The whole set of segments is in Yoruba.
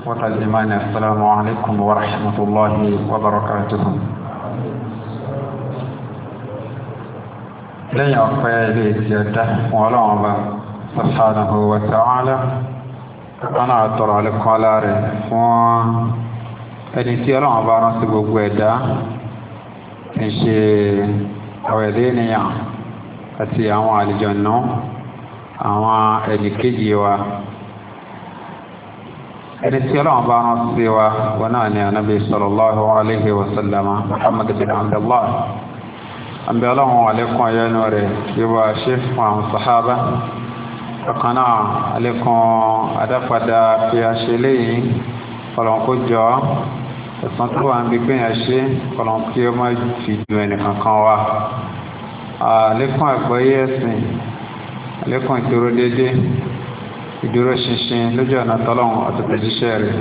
إخوة الإيمان السلام عليكم ورحمة الله وبركاته لن يقفى إليك يده ولا سبحانه وتعالى أنا أطر لكم على رفوان ẹni tí ọlọ́run bá rán sí gbogbo ẹ̀dá kì í ṣe àwọn ẹ̀dá ẹni tí ọlọ́run bá rán sí wa wọn náà ni anabi sallallahu alayhi wa sallam muhammad bin abdullah àbí ọlọ́run àlékún ayẹ́nu rẹ̀ yíwa ṣe fún àwọn sàhábà ọkàn náà àlékún adápadà fi àṣẹ lẹ́yìn ọlọ́nkó jọ tó wà ń bí yẹn ṣe ọlọ́nkí ó má fi ju ẹnìkan kan wá àlékún àgbọ́yé ìdúró déédéé ìdúró ṣinṣin lójú ọ̀nà tọ́lọ́hún àtẹ̀tẹ̀jíṣẹ́ rẹ̀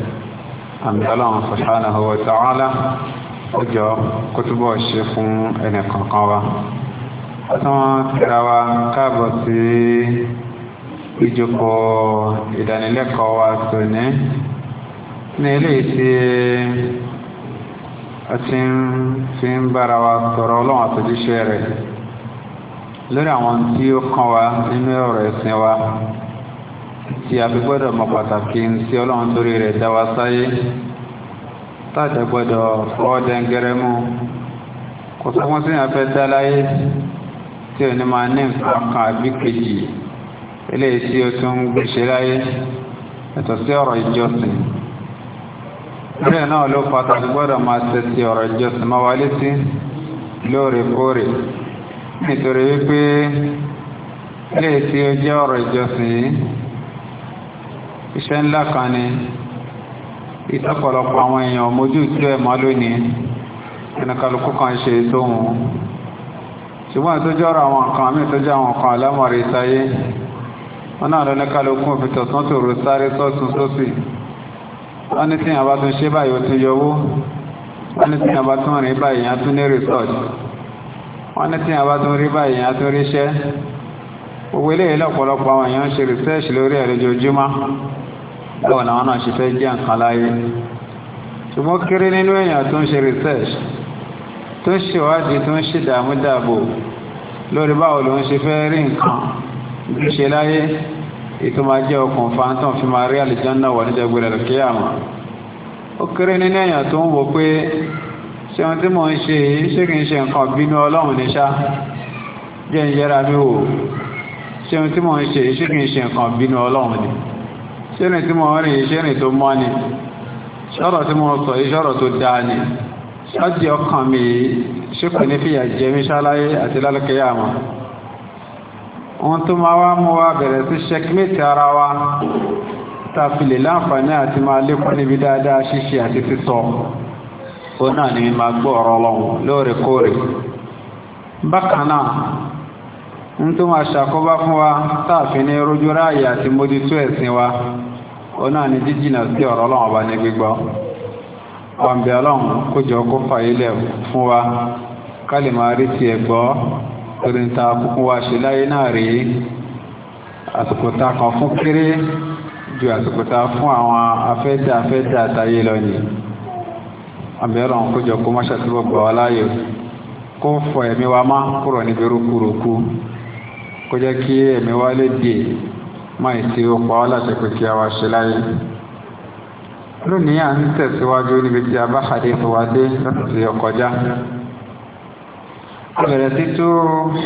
àmì tọ́lọ́hún subhanahu wa ta'ala ó jọ kó túbọ̀ ṣe fún ẹnì kọ̀ọ̀kan wa. wọ́n tẹ̀ra wa káàbọ̀ sí ìjókòó ìdánilẹ́kọ̀ọ́ wa tòní ní eléyìí tí a ti ń fi ń bára wa sọ̀rọ̀ ọlọ́run àtẹ̀jíṣẹ́ rẹ̀ lórí àwọn tí ó kàn wá nínú ọ̀rọ̀ ẹ̀sìn wa tí a fi gbọ́dọ̀ mọ pàtàkì ń sí ọlọ́run torí rẹ̀ dá wa sáyé táàjà gbọ́dọ̀ fọ́ dẹ́ngẹrẹ mú kò sọ́kún sí àfẹ́ dá láyé tí ò ní máa ní nǹkan kan àbí kejì eléyìí tí ó tún ń gbèsè láyé ẹ̀tọ́ sí ọ̀rọ̀ ìjọsìn bẹ́ẹ̀ náà ló pàtàkì gbọ́dọ̀ máa tẹ̀sí ọ̀rọ̀ ìjọsìn máa wá létí lóòrèkóòrè nítorí wípé eléyìí tí ó jẹ́ ọ̀rọ̀ ìjọsìn yìí iṣẹ́ ńlá kan ni ìtọ́pọ̀lọpọ̀ àwọn èèyàn mójú tó ẹ̀ mọ́ lónìí ẹnìkàlùkù kan ṣe tóhun ṣùgbọ́n ìtọ́jú ọ̀rọ̀ àwọn nǹkan àmì ìtọ́jú àwọn nǹkan alámọ̀rí ìtayé wọn náà lọ́nìkàlùkù òfin tọ̀sán tòrò sáré sọ́tún sósì wọ́n ní tí àbá tún ṣe báyìí ó tún yọwó wọ́n ní tí àbá tún rìn báyìí á tún ní rìsọ́ọ̀tì wọ́n ní tí àbá tún rí báyìí á tún ríṣẹ́ gbogbo eléyìí lọ́pọ̀lọpọ̀ àwọn èèyàn ń ṣe rìsẹ́ẹ̀ṣì lórí ẹ̀ lójoojúmọ́ báwo làwọn náà ṣe fẹ́ jẹ́ nǹkan láyé ṣùgbọ́n kéré nínú èèyàn tó ń ṣe research tó ń ṣèwádìí tó ń ṣe dààmú dààbò lórí báwo ló ń ṣe fẹ́ rí nǹkan bí ṣe láyé ètò máa jẹ́ ọkàn fáńtàn fi máa rí àlìjáná wà níjà gbèrè lókè àmọ́ ó kéré nínú èèyàn tó ń wò pé ṣé ohun tí mò ń ṣe yìí ṣé kì í ṣe nǹkan bínú ọlọ́run ní jẹ́ ń yẹra mi wò ṣé ohun tí mò ń ṣe yìí ṣé kì í ṣe nǹkan bínú ọlọ́run ní ṣẹ́rìn tí mo rìn yìí ṣẹ́rìn tó mọ́ ni ṣọ́rọ̀ tí mo sọ yìí ṣọ́rọ̀ tó dáa ni ṣáàjì ọkàn mi yìí ṣé kò ní fìyà jẹ mí ṣáláyé àti lálùkẹ́yà mọ́ ohun tó máa wá mú wa bẹ̀rẹ̀ sí ṣẹkímẹ́tì ara wa ta fi láǹfààní àti máa lékún níbi dáadáa ṣíṣe àti sísọ ń tó máa ṣàkóbá fún wa táàfin ní rójú ráàyè àti mójútó ẹ̀sìn wa náà ni jíjìnà sí ọ̀rọ̀ ọlọ́run ọba ní gbígbọ́ ọ̀nbẹ̀ ọlọ́run kó jọ kó fàyílẹ̀ fún wa ká lè máa rí tiẹ̀ gbọ́ torí ta kúkú wa ṣe láyé náà rèé àsìkò ta kan fún kéré ju àsìkò fún àwọn afẹ́tẹ̀ afẹ́tẹ̀ àtayé lọ ni ọ̀nbẹ̀ ọlọ́run kó jọ kó máṣe túbọ̀ gbọ́ wa láàyè kó fọ ẹ̀mí wa má kúrò níbi rúkúrúkú kó jẹ́ kí ẹ̀mí wa lè dè mọ́ ìtí ó pa ọ́ láti pé kí a wá ṣe láyé lónìí à ń tẹ̀síwájú níbi tí a bá hadith wa dé láti ọkọjá bẹ̀rẹ̀ sí tó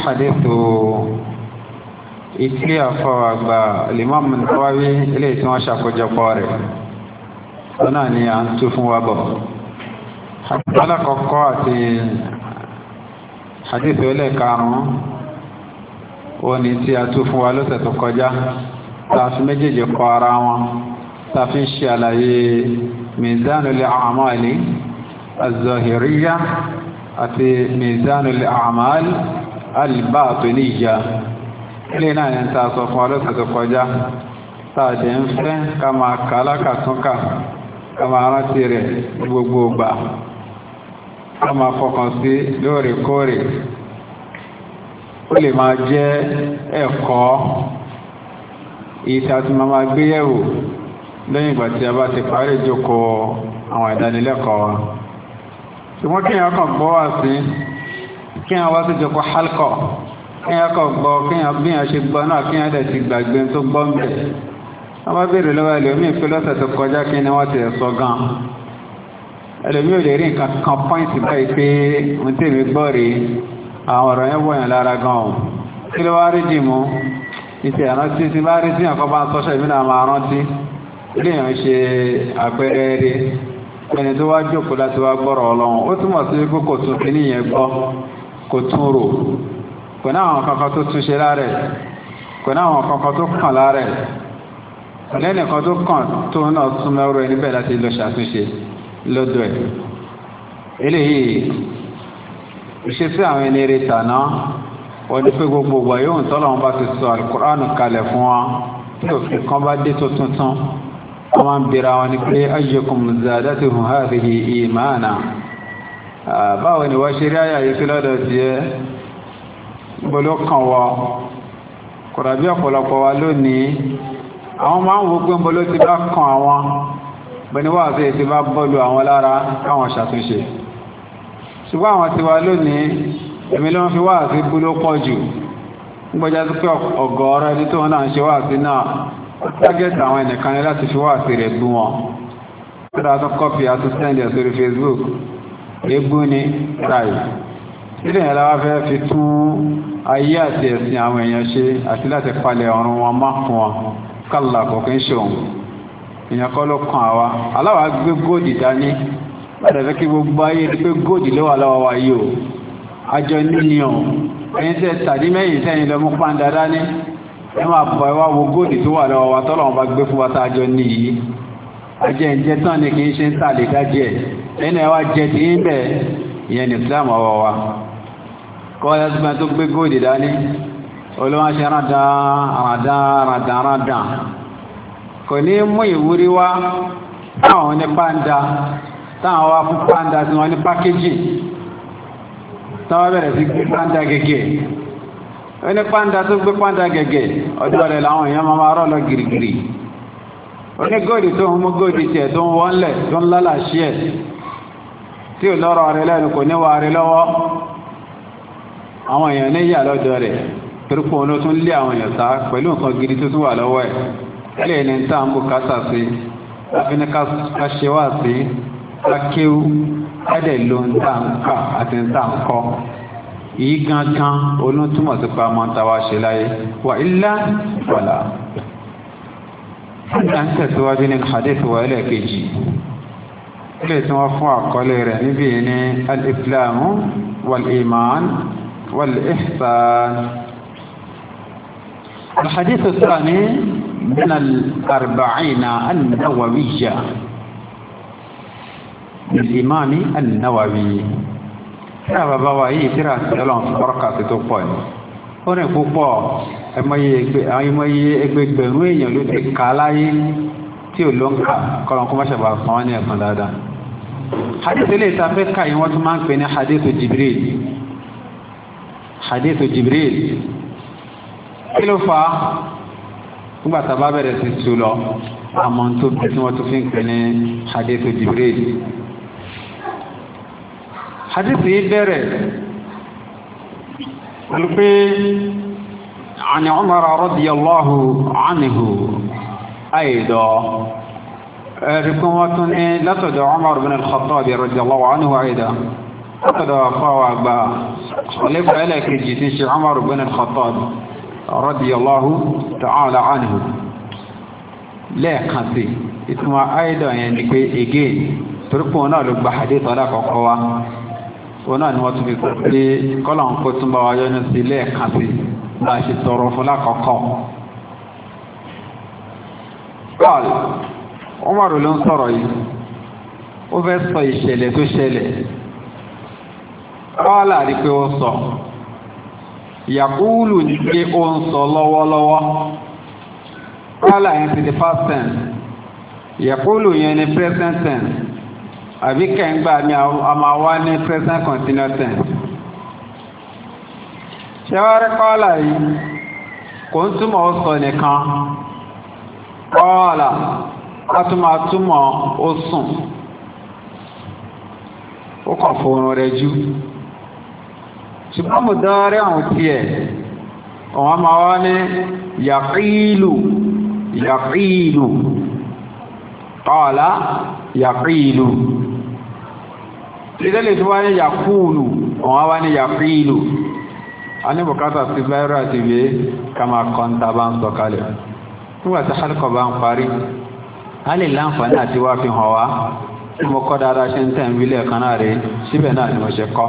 hadith ìtí àfọwàgbà Imam Nawawi ilé tí wọ́n ṣàkójọpọ̀ rẹ̀ lọ́nà ni à ń tú fún wa bọ̀ alákọ̀ọ́kọ́ àti hadith ẹlẹ́karùn-ún òní tí a tú fún wa lọ́sẹ̀ tó kọjá tààfi méjèèjì kọ ara wọn tààfi ń ṣe àlàyé mizanul a'mali az-zahiriyya àti mizanul a'mal al-batiniyya ilé náà ní ta sọ fún ọlọ́sẹ̀ tó kọjá tààdé ń fẹ́ ká máa kà lákàtúnkà ká máa rántí rẹ̀ gbogbo gbà ká máa fọkàn sí lóòrèkóòrè ó lè máa jẹ́ ẹ̀kọ́ ìṣà tí ma máa gbé yẹ̀wò lẹ́yìn ìgbà tí a bá ti parí ìjókòó àwọn ìdánilẹ́kọ̀ọ́ wa ṣùgbọ́n kí èèyàn kàn gbọ́ wà sí kí èèyàn wá sí ìjókòó halkọ̀ kí èèyàn kàn gbọ́ kí èèyàn bí èèyàn ṣe gbọ́ náà kí èèyàn dẹ̀ ti gbàgbé tó ìfẹ́ ìrántí ti bá rí tí nǹkan bá ń tọ́ṣẹ́ ìbínú àmà rántí léèyàn ṣe àpẹẹrẹ rí ẹni tó wá jókòó láti wá gbọ́rọ̀ ọlọ́run ó túmọ̀ sí pé kò tún fi níyẹn gbọ́ kò tún rò kò ní àwọn kankan tó tún ṣe lára kò ní àwọn kankan tó kàn lára ẹ̀ kan tó kàn tó náà súnmọ́ ọ̀rọ̀ ẹni bẹ́ẹ̀ láti lọ ṣàtúnṣe lọ́dọ̀ ẹ̀ eléyìí ìṣesí àwọn ẹni retà náà wọ́n pé gbogbo ọgbà yóò ń tọ́lọ̀ wọn bá ti sọ alukóránù kalẹ̀ fún wa tí òfin kan bá dé tó tuntun wọ́n máa ń bira wọn ni pé ayyukum zadatuhu hadhihi imana báwo ni wọ́n ṣe rí àyà yìí fi lọ́dọ̀ tiẹ̀ gbọ́dọ̀ kan wọ kọ̀dàbí ọ̀pọ̀lọpọ̀ wa lónìí àwọn máa ń wo pé gbọ́dọ̀ ti bá kan àwọn bẹ́ni wọ́n àti èsì bá bọ́ọ̀lù àwọn lára káwọn ṣàtúnṣe ṣùgbọ́n àwọn tiwa lónìí èmi ló ń fi wá sí bú ló pọ̀ jù gbọ́já sí pé ọ̀gọ̀ọ̀rọ̀ ẹni tó náà ń ṣe wá sí náà tágẹ́tì àwọn ẹnìkan ní láti fi wá sí rẹ̀ bú wọn kódà tó kọ́pì àtúntẹ́ǹdì sórí Facebook ebú ni ráì sílẹ̀ yẹn lára fẹ́ fi tún ayé àti ẹ̀sìn àwọn èèyàn ṣe àti láti palẹ̀ ọ̀run wọn má fún wọn kálà kọ̀ọ̀kan ṣòun èèyàn kọ́ ló kàn àwa aláwa gbé góòdì dání láti fẹ́ kí gbogbo ayé rí pé góòdì ló wà wáyé o àjọ níní ọ̀ ẹ̀yin tẹ́ tàdí mẹ́yìn tẹ́yìn lọ́mú pàǹdà dání ẹ máa bọ̀ ẹ wá wo góòdì tó wà lọ́wọ́ wa tọ́lọ̀ wọn bá gbé fún wa tá àjọ níyì àjẹ ìjẹ tán ni kì í ṣe ń tà lè dájú ẹ ẹni ẹ wá jẹ tí ń bẹ ìyẹn ní Islam ọwọ́ wa kọ́ ẹ tó tó gbé góòdì dání olóhùn aṣẹ táwọn ní pàǹdà tí wọ́n ní pákéjì tọ́wọ́ bẹ̀rẹ̀ sí gbé pàǹdà gẹ̀gẹ̀ ẹni pàǹdà tó gbé pàǹdà gẹ̀gẹ̀ ọjọ́ rẹ̀ láwọn èèyàn máa rọ́ lọ gìrìgìrì oní góòdì tó ń mú góòdì tiẹ̀ tó ń wọ́nlẹ̀ tó ń lálàṣí ẹ̀ tí ò lọ́rọ̀ rẹ̀ lẹ́nu kò ní wàá rí lọ́wọ́ àwọn èèyàn ní lọ́dọ̀ rẹ̀ torípò ló tún lé àwọn èèyàn sá pẹ̀lú nǹkan gidi tó tún wà lọ́wọ́ ẹ̀ lè ní tá à ń bùkátà sí àfiníkà ṣe wá sí akéwú kádẹ̀ ló ń tà ń kà àti ń tà ń kọ́ yìí gangan onútúmọ̀ sí pa máa ń tàwa ṣe láyé wà ilá wàlà. Nígbà ń tẹ̀síwájú ní hadith wa ẹlẹ́ẹ̀kejì. Ilé tí wọ́n fún àkọlé rẹ̀ níbí ní al-Islamu wal الحديث الثاني من الأربعين النووية ìmáàmì an-Nawawi tíra bàbá wa yìí tíra ìjọlọ́n fọ́rọ́kà sí tó pọ̀ ní ó rìn púpọ̀ ẹmọye ẹgbẹgbẹ̀rún èèyàn ló ti kà láyé tí ò ló ń kà kọlọ̀kọ́ mọ́ṣẹ̀bà kan ní ẹ̀kan dáadáa hadith ilé ìtafẹ́ ká yìí wọ́n tún máa ń pè ní hadith Jibril hadith Jibril kí ló fa nígbà tá a bá bẹ̀rẹ̀ sí tu lọ àmọ́ tó bí tí wọ́n tún fi ń pè ní hadith Jibril حديث يدري bẹ̀rẹ̀ عن عمر رضي الله عنه أيضا ركوة تدع عمر بن الخطاب رضي الله عنه أيضا لقد أخوة أبا خليفة إليك الجيتيش عمر بن الخطاب رضي الله تعالى عنه لا sí ìtumọ̀ أيضا يعني ni pé again torípò náà لا gba òun náà ni wọ́n tún fi sọ pé kọ́lọ̀ ń kó tún bá wa yọ́nú sí ilé ẹ̀ka sí bá a ṣe tọrọ fún lákọ̀ọ́kọ́. paul Umar ló ń sọ̀rọ̀ yìí ó fẹ́ sọ ìṣẹ̀lẹ̀ tó ṣẹlẹ̀ paul àrí ó sọ yàkúùlù ní pé ó ń sọ lọ́wọ́lọ́wọ́ paul àyẹ̀ntì the past tense yàkúùlù yẹn ni present tense. àbí kẹ́ǹgbà ni a máa wá ní present continuous tense ṣé wá rí kọ́ọ̀là yìí kò ń túmọ̀ ó nìkan kọ́ọ̀là a tún ó kàn fòrùn rẹ̀ jù ṣùgbọ́n mo tiẹ̀ ní yàkílù yàkílù kọ́ọ̀là yàkílù. ìrẹ́lẹ̀ tó wá ní yàkúùlù ọ̀wọ́n wá ní yàkúìlù a ní bùkátà sí báyìí àti ìwé ká máa kọ́ńtà bá ń sọ̀kalẹ̀ nígbàtí hálùkọ̀ bá ń parí a lè láǹfààní àti wá fi hàn wá tí mo kọ́ dáadáa ṣe ń tẹ̀ ń wílẹ̀ kan náà rèé síbẹ̀ náà ni mo ṣe kọ́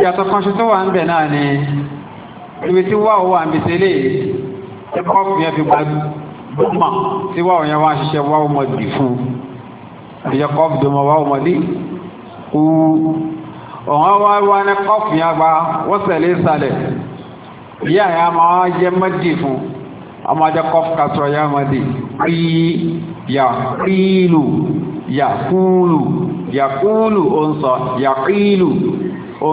ìyàtọ̀ kan ṣe tó wà ń bẹ̀ náà ni ibi tí wà ó wà ń bi tẹ́lẹ̀ ẹ̀kọ́ fi ẹ fi gba gbọ́mọ̀ tí wà ó yẹn wá ń ṣiṣẹ́ wà ó mọ̀ dì fún ìyẹn kọ́ fi dùn wà ó mọ̀ dì kú ọ̀hán wá wá ní gba wọ́n sẹ̀lé sálẹ̀ yí àyà ma jẹ́ mẹ́dì fún ọmọ jẹ́ kọ́fù kásọ̀ yá mẹ́dì rí yà kílù yà kúlù yà kúlù ó ń sọ yà kílù ó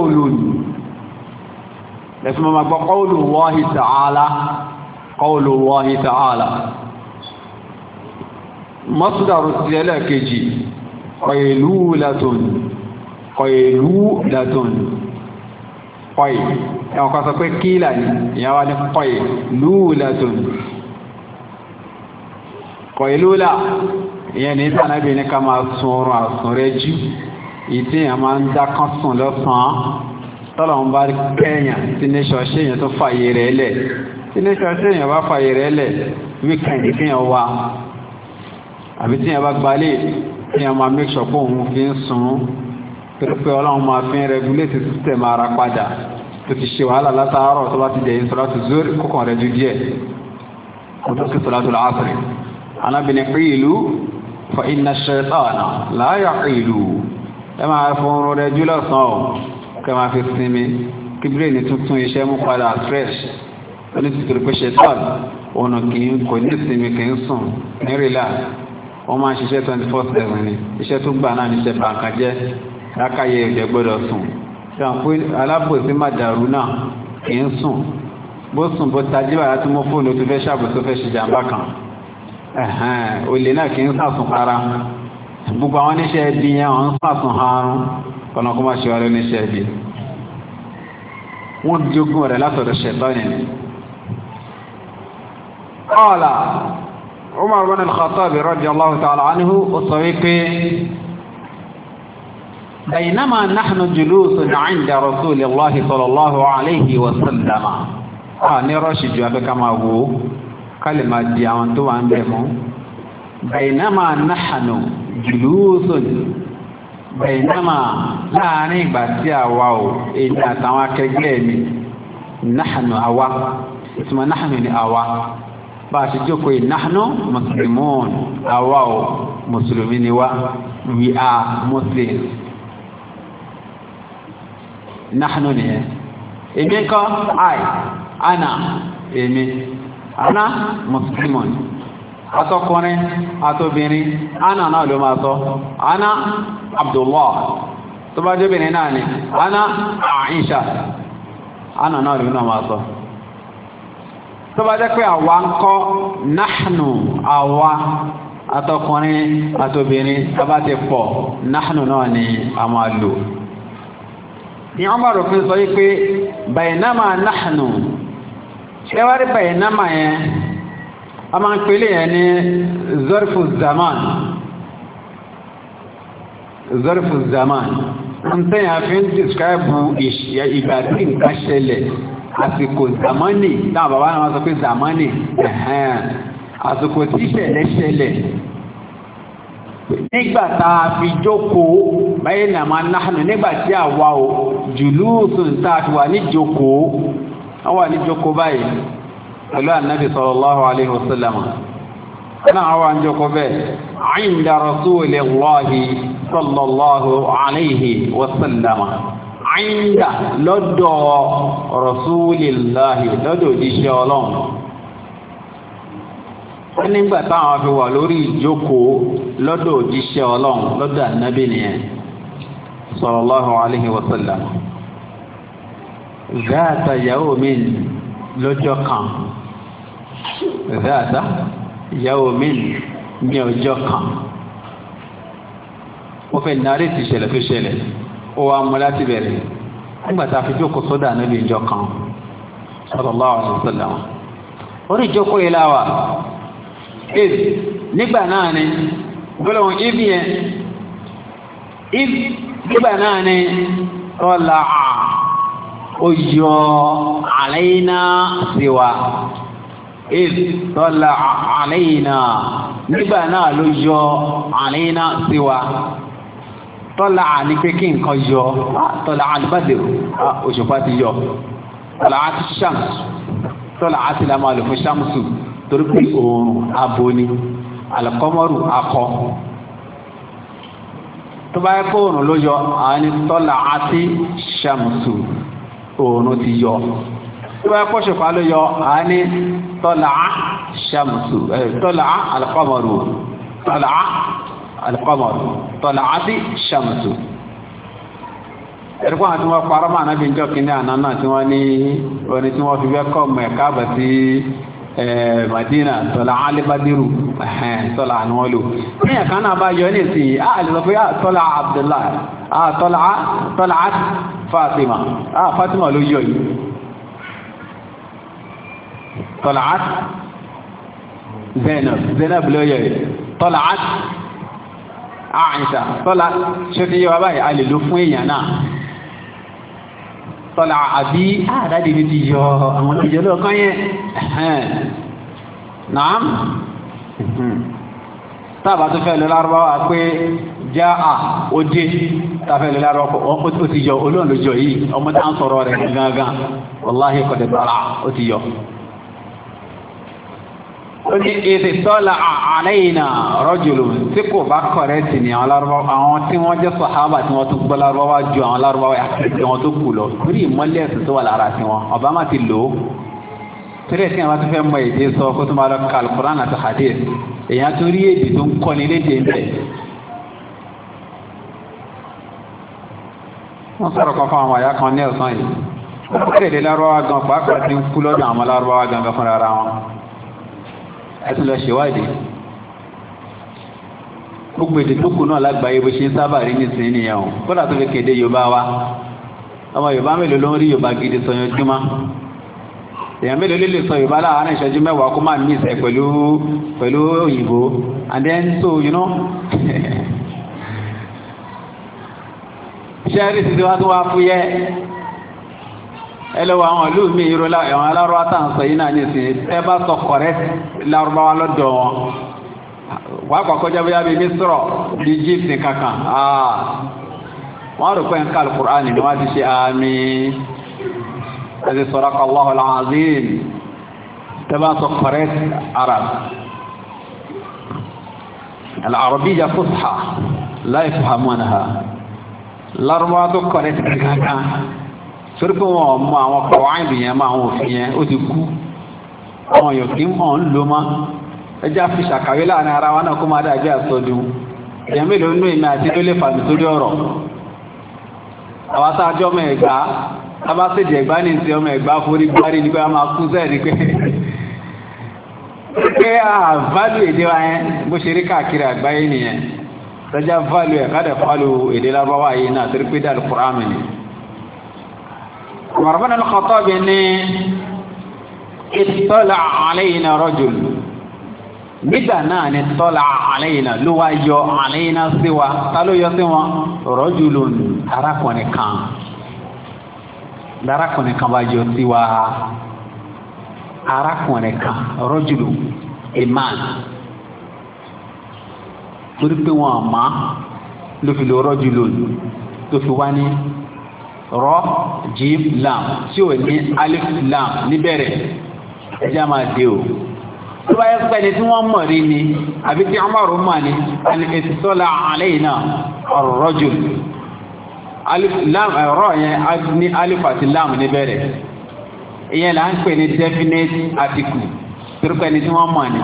ń ẹ̀sùn mọ́ gbọ́ qawlu Allahi ta'ala qawlu Allahi ta'ala masdaru ti ẹlẹ́ẹ̀kejì qaylulatun qaylulatun kọ̀ì ẹ̀wọ̀n kan sọ pé kílà ní ìyàwó ní kọ̀ì lúùlàtún kọ̀ì lúùlà ìyẹn ní ìtànàbí ká máa sun oorun ìtìyàn máa ń dákán lọ́sàn-án tọ́lọ̀n bá kẹ́yàn tí ní ṣọ́ṣẹ́ yẹn tó fàyè rẹ̀ lẹ̀ tí ní ṣọ́ṣẹ́ yẹn bá fàyè rẹ̀ lẹ̀ wíkẹ̀ndì kí yẹn wá àbí tí yẹn bá gbalẹ̀ kí yẹn máa make sure pé òun fi ń sùn pẹ̀lúpẹ̀ ọlọ́run máa fi ń regulate system ara padà tó ti ṣe wàhálà látàárọ̀ tó bá ti dẹ̀ ìṣọ́lá ti zórí kókàn rẹ̀ ju díẹ̀ kó tó kí sọ́lá tó lásìrì anábìnrin pé ìlú fa iná ṣe tààna láyà ìlú ẹ máa fọ́nrún rẹ̀ jùlọ sàn kẹ́ máa fi sinmi kí bírèèni tuntun iṣẹ́ mú padà fresh onítìtìrì pé ṣe tọ́ọ̀lù ọ̀nà kì í kò ní sinmi kì í sùn ní relax wọ́n máa ṣiṣẹ́ twenty four seven ni iṣẹ́ tó gbà náà níṣẹ́ bàǹkà jẹ́ lákàyè ìjẹ́ gbọ́dọ̀ sùn ṣàǹpé alábòsí má dàrú náà kì í sùn bó sùn bó tají wàrà tí mo fóònù tó fẹ́ ṣàbòsó fẹ́ ṣe jàǹbá kan olè náà kì í sàsùn para gbogbo àwọn oníṣẹ́ ẹbí yẹn ọ̀ ń sàsùn àrùn kọ́nà kó má ṣe wá lóní iṣẹ́ ibi wọ́n jogún rẹ̀ látọ̀dọ̀ ṣẹ̀tọ́nì ni qala Umar bin al-Khattab radiyallahu ta'ala anhu ó sọ wípé baynama nahnu julusun 'inda rasulillahi sallallahu alayhi wa sallam a ní rọ́ṣì ju abẹ́ká máa wò ó di àwọn tó wà ń bẹ̀ mọ́ nahnu julusun bẹ̀yìnàmà láàrin ìgbà tí àwa ò èyí àtàwọn akẹgbẹ́ mi náhànú àwa ìtumọ̀ náhànú ni àwa bá a ṣe jókòó yìí náhànú mùsùlùmún àwa ò ni wá we are muslims náhànú nìyẹn èmi kọ́ ana èmi ana mùsùlùmún. atọ́kùnrin àtobìnrin ana náà ló máa sọ ana abdullah tó bá jóbìnrin náà ni ana aisha ana náà ló máa sọ tó bá jẹ́ pé àwa ń kọ́ nahnu àwa atọ́kùnrin àtobìnrin tó bá ti pọ̀ a máa lò sọ yí pé bainama nahnu bainama yẹn a máa ń pèlè yẹn ní zarfu zaman zarfu zaman ń tẹ́yà fi ń describe ìgbà tí nǹkan ṣẹlẹ̀ àsìkò zamani táwọn bàbá náà sọ pé zamani àsìkò tí ìṣẹ̀lẹ̀ ṣẹlẹ̀ nígbà tá a fi jókòó báyìí nà máa náhànú nígbà tí àwa ò jùlúùsùn tá a fi wà ní jókòó wà ní jókòó báyìí pẹ̀lú ànábì sallallahu alayhi wa sallam náà àwọn àjọkọ bẹ́ẹ̀ inda rasulillahi sallallahu alayhi wa sallam inda lọ́dọ̀ rasulillahi lọ́dọ̀ òjíṣẹ́ ọlọ́run ó nígbà táwọn fi wà lórí ìjókòó lọ́dọ̀ òjíṣẹ́ ọlọ́run lọ́dọ̀ ànábì nìyẹn sallallahu alayhi lọ́jọ́ kan zaata yawmin ní ọjọ́ kan wọ́n fẹ́ nàárẹ ti ṣẹlẹ̀ tó ṣẹlẹ̀ ó wá mú láti bẹ̀rẹ̀ nígbà tá a fi jókòó sódà níbi ìjọ kan sallallahu alaihi wasallam orí ìjókòó yìí láwà if nígbà náà ni gbọ́dọ̀ if yẹn nígbà náà ni tọ́lá á ó yọ àlẹ́yìnà síwa ìtọ́lá àlẹ́yìnà nígbà náà ló yọ àlẹ́yìnà síwa tọ́lá ní pé kí nǹkan yọ tọ́lá àlùbádìrò òṣùpá ti yọ tọ́lá àti ṣàmùsù tọ́lá àti làmàlù fún ṣàmùsù torí pé oòrùn abo ni akọ tó bá yẹ kó ló yọ àwọn ẹni tọ́lá àti ṣàmùsù oòrùn ti yọ tí wọ́n kọ́ṣù pa ló yọ a ní tọ́lá ṣàmùsù tọ́lá alqamaru tọ́lá alqamaru tọ́lá sí ṣàmùsù ẹ̀rùkọ́ àti wọ́n parọ́ mọ́ ànábìnjọ́ kìíní àná náà tí wọ́n ní tí wọ́n fi fẹ́ kọ́ mọ̀ ẹ̀ká àbàtí Eh, Madina tọ́lá alibadiru tọ́lá eh, àníwọ́lò kíyàn kan náà bá yọ ní ìsìn yìí a lè sọ pé tọ́lá ah, Abdullahi a ah, tọ́lá Fatima a ah, Fatima ló yọ yìí tọ́lá Zainab Zainab ló yọ yìí tọ́lá Aisha tọ́lá ṣe ti yọ báyìí a fún èèyàn náà tọ́lá àbí ah, àdáde ní ti yọ àwọn ìjọ lọ́kàn yẹn náà tábà tó fẹ́ lọ lárúbáwá pé já à ó dé táfẹ́ lọ lárúbáwá pé ọkọ̀ tó ti yọ olóòlójọ yìí ọmọdé à ń sọ̀rọ̀ rẹ̀ gangan wàláhì kọ̀dẹ̀ ó ti yọ ní èdè tọ́lá àlẹ́yìnà rọ́jòló tí kò bá kọ̀rẹ́ tì ní àwọn tí wọ́n jẹ́ sọ̀hábà tí wọ́n tún gbọ́ lárúbáwá ju àwọn lárúbáwá àti wọn tó kù lọ torí ìmọ́lẹ̀ ẹ̀sìn tó wà lára tí wọn ọba má ti lò ó torí ẹ̀sìn àwọn tó fẹ́ mọ èdè sọ kó tó máa lọ ka alukuran àti hadith èèyàn tó rí èdè tó ń kọ́ni léde ń bẹ̀. wọ́n sọ̀rọ̀ kan fún àwọn àyà kan ní ọ̀sán yìí ó kéré lárúbáwá gan pàápàá ti ń kú lọ́dọ̀ àwọn lárúbáwá gan gan fúnra ara wọn àti lọ ṣèwádìí gbogbo èdè tó kù náà lágbàáyé bó ṣe ń sábà rí nísìnyí nìyẹn o kódà tó fi kéde yorùbá wa ọmọ yorùbá mélòó ló ń rí yorùbá gidi sọ yanjúmọ́ èèyàn mélòó lè sọ yorùbá láàárín ìṣẹ́jú mẹ́wàá kó má ní ìṣe pẹ̀lú pẹ̀lú òyìnbó and then so you know ṣẹ́ẹ́rì títí wá tó wá fúyẹ́ ẹlẹ́wọ̀ àwọn ìlú mi ìró àwọn alárọ̀wá tá à ń sọ yìí náà nìsín ẹ bá sọ correct lárúbáwá lọ́dọ̀ wọn wàá kọ́kọ́ jẹ́ bóyá bíi mísírọ̀ bíi Egypt kankan ah. wọ́n rò pé ń ka alukur'an ni wọ́n ti ṣe àmì ẹ̀sìn sadaqa Allahu al-azim tẹ́ bá sọ correct Arab العربية فصحى لا يفهمونها الأربعة كانت torí pé wọn mọ àwọn kọ̀wá ìbìyàn máa wọn òfin yẹn ó ti kú àwọn èèyàn kì í mọ̀ ń lo mọ́ ẹjá fi ṣàkàwé láàrin ara wa náà kó máa dàgbé àsọdún èèyàn mélòó nínú èmi àti tó lè fàmì sórí ọ̀rọ̀ àwọn sáájú ọmọ ẹ̀gbá tábà sédì ẹ̀gbá ní ti ọmọ ẹ̀gbá forí gbárí ni pé a máa kú sẹ́ẹ̀rí pé pé àválù èdè wa yẹn bó ṣe rí káàkiri àgbáyé nìyẹn ẹjá válù ẹ̀ ká dẹ̀ èdè lábáwá yìí náà torí pé dàlù kùrámù nìyẹn Umar bin al-Khattab ní ìtọ́lá àlẹ́yìnà rajul nígbà náà ni tọ́lá àlẹ́yìnà ló wá yọ àlẹ́yìnà sí wa ta ló yọ sí wọn rajulun arákùnrin kan arákùnrin kan bá yọ sí wa arákùnrin kan rajulun iman torí pé wọn àmọ́ ló fi lọ rajulun tó fi wá ní rọ jim lam tí ò ní alif lam níbẹ̀rẹ̀ ẹjá máa dé o tó bá yẹ pẹ́ni tí wọ́n mọ̀ rí ni àbí tí ọmọrù mọ̀ ni alifisọ́lá àlẹ́yìnà ọ̀rọ̀ jù rọ yẹn ní alif àti lam níbẹ̀rẹ̀ ìyẹn là ń pè ní definite article tó pẹ́ni tí wọ́n mọ̀ ni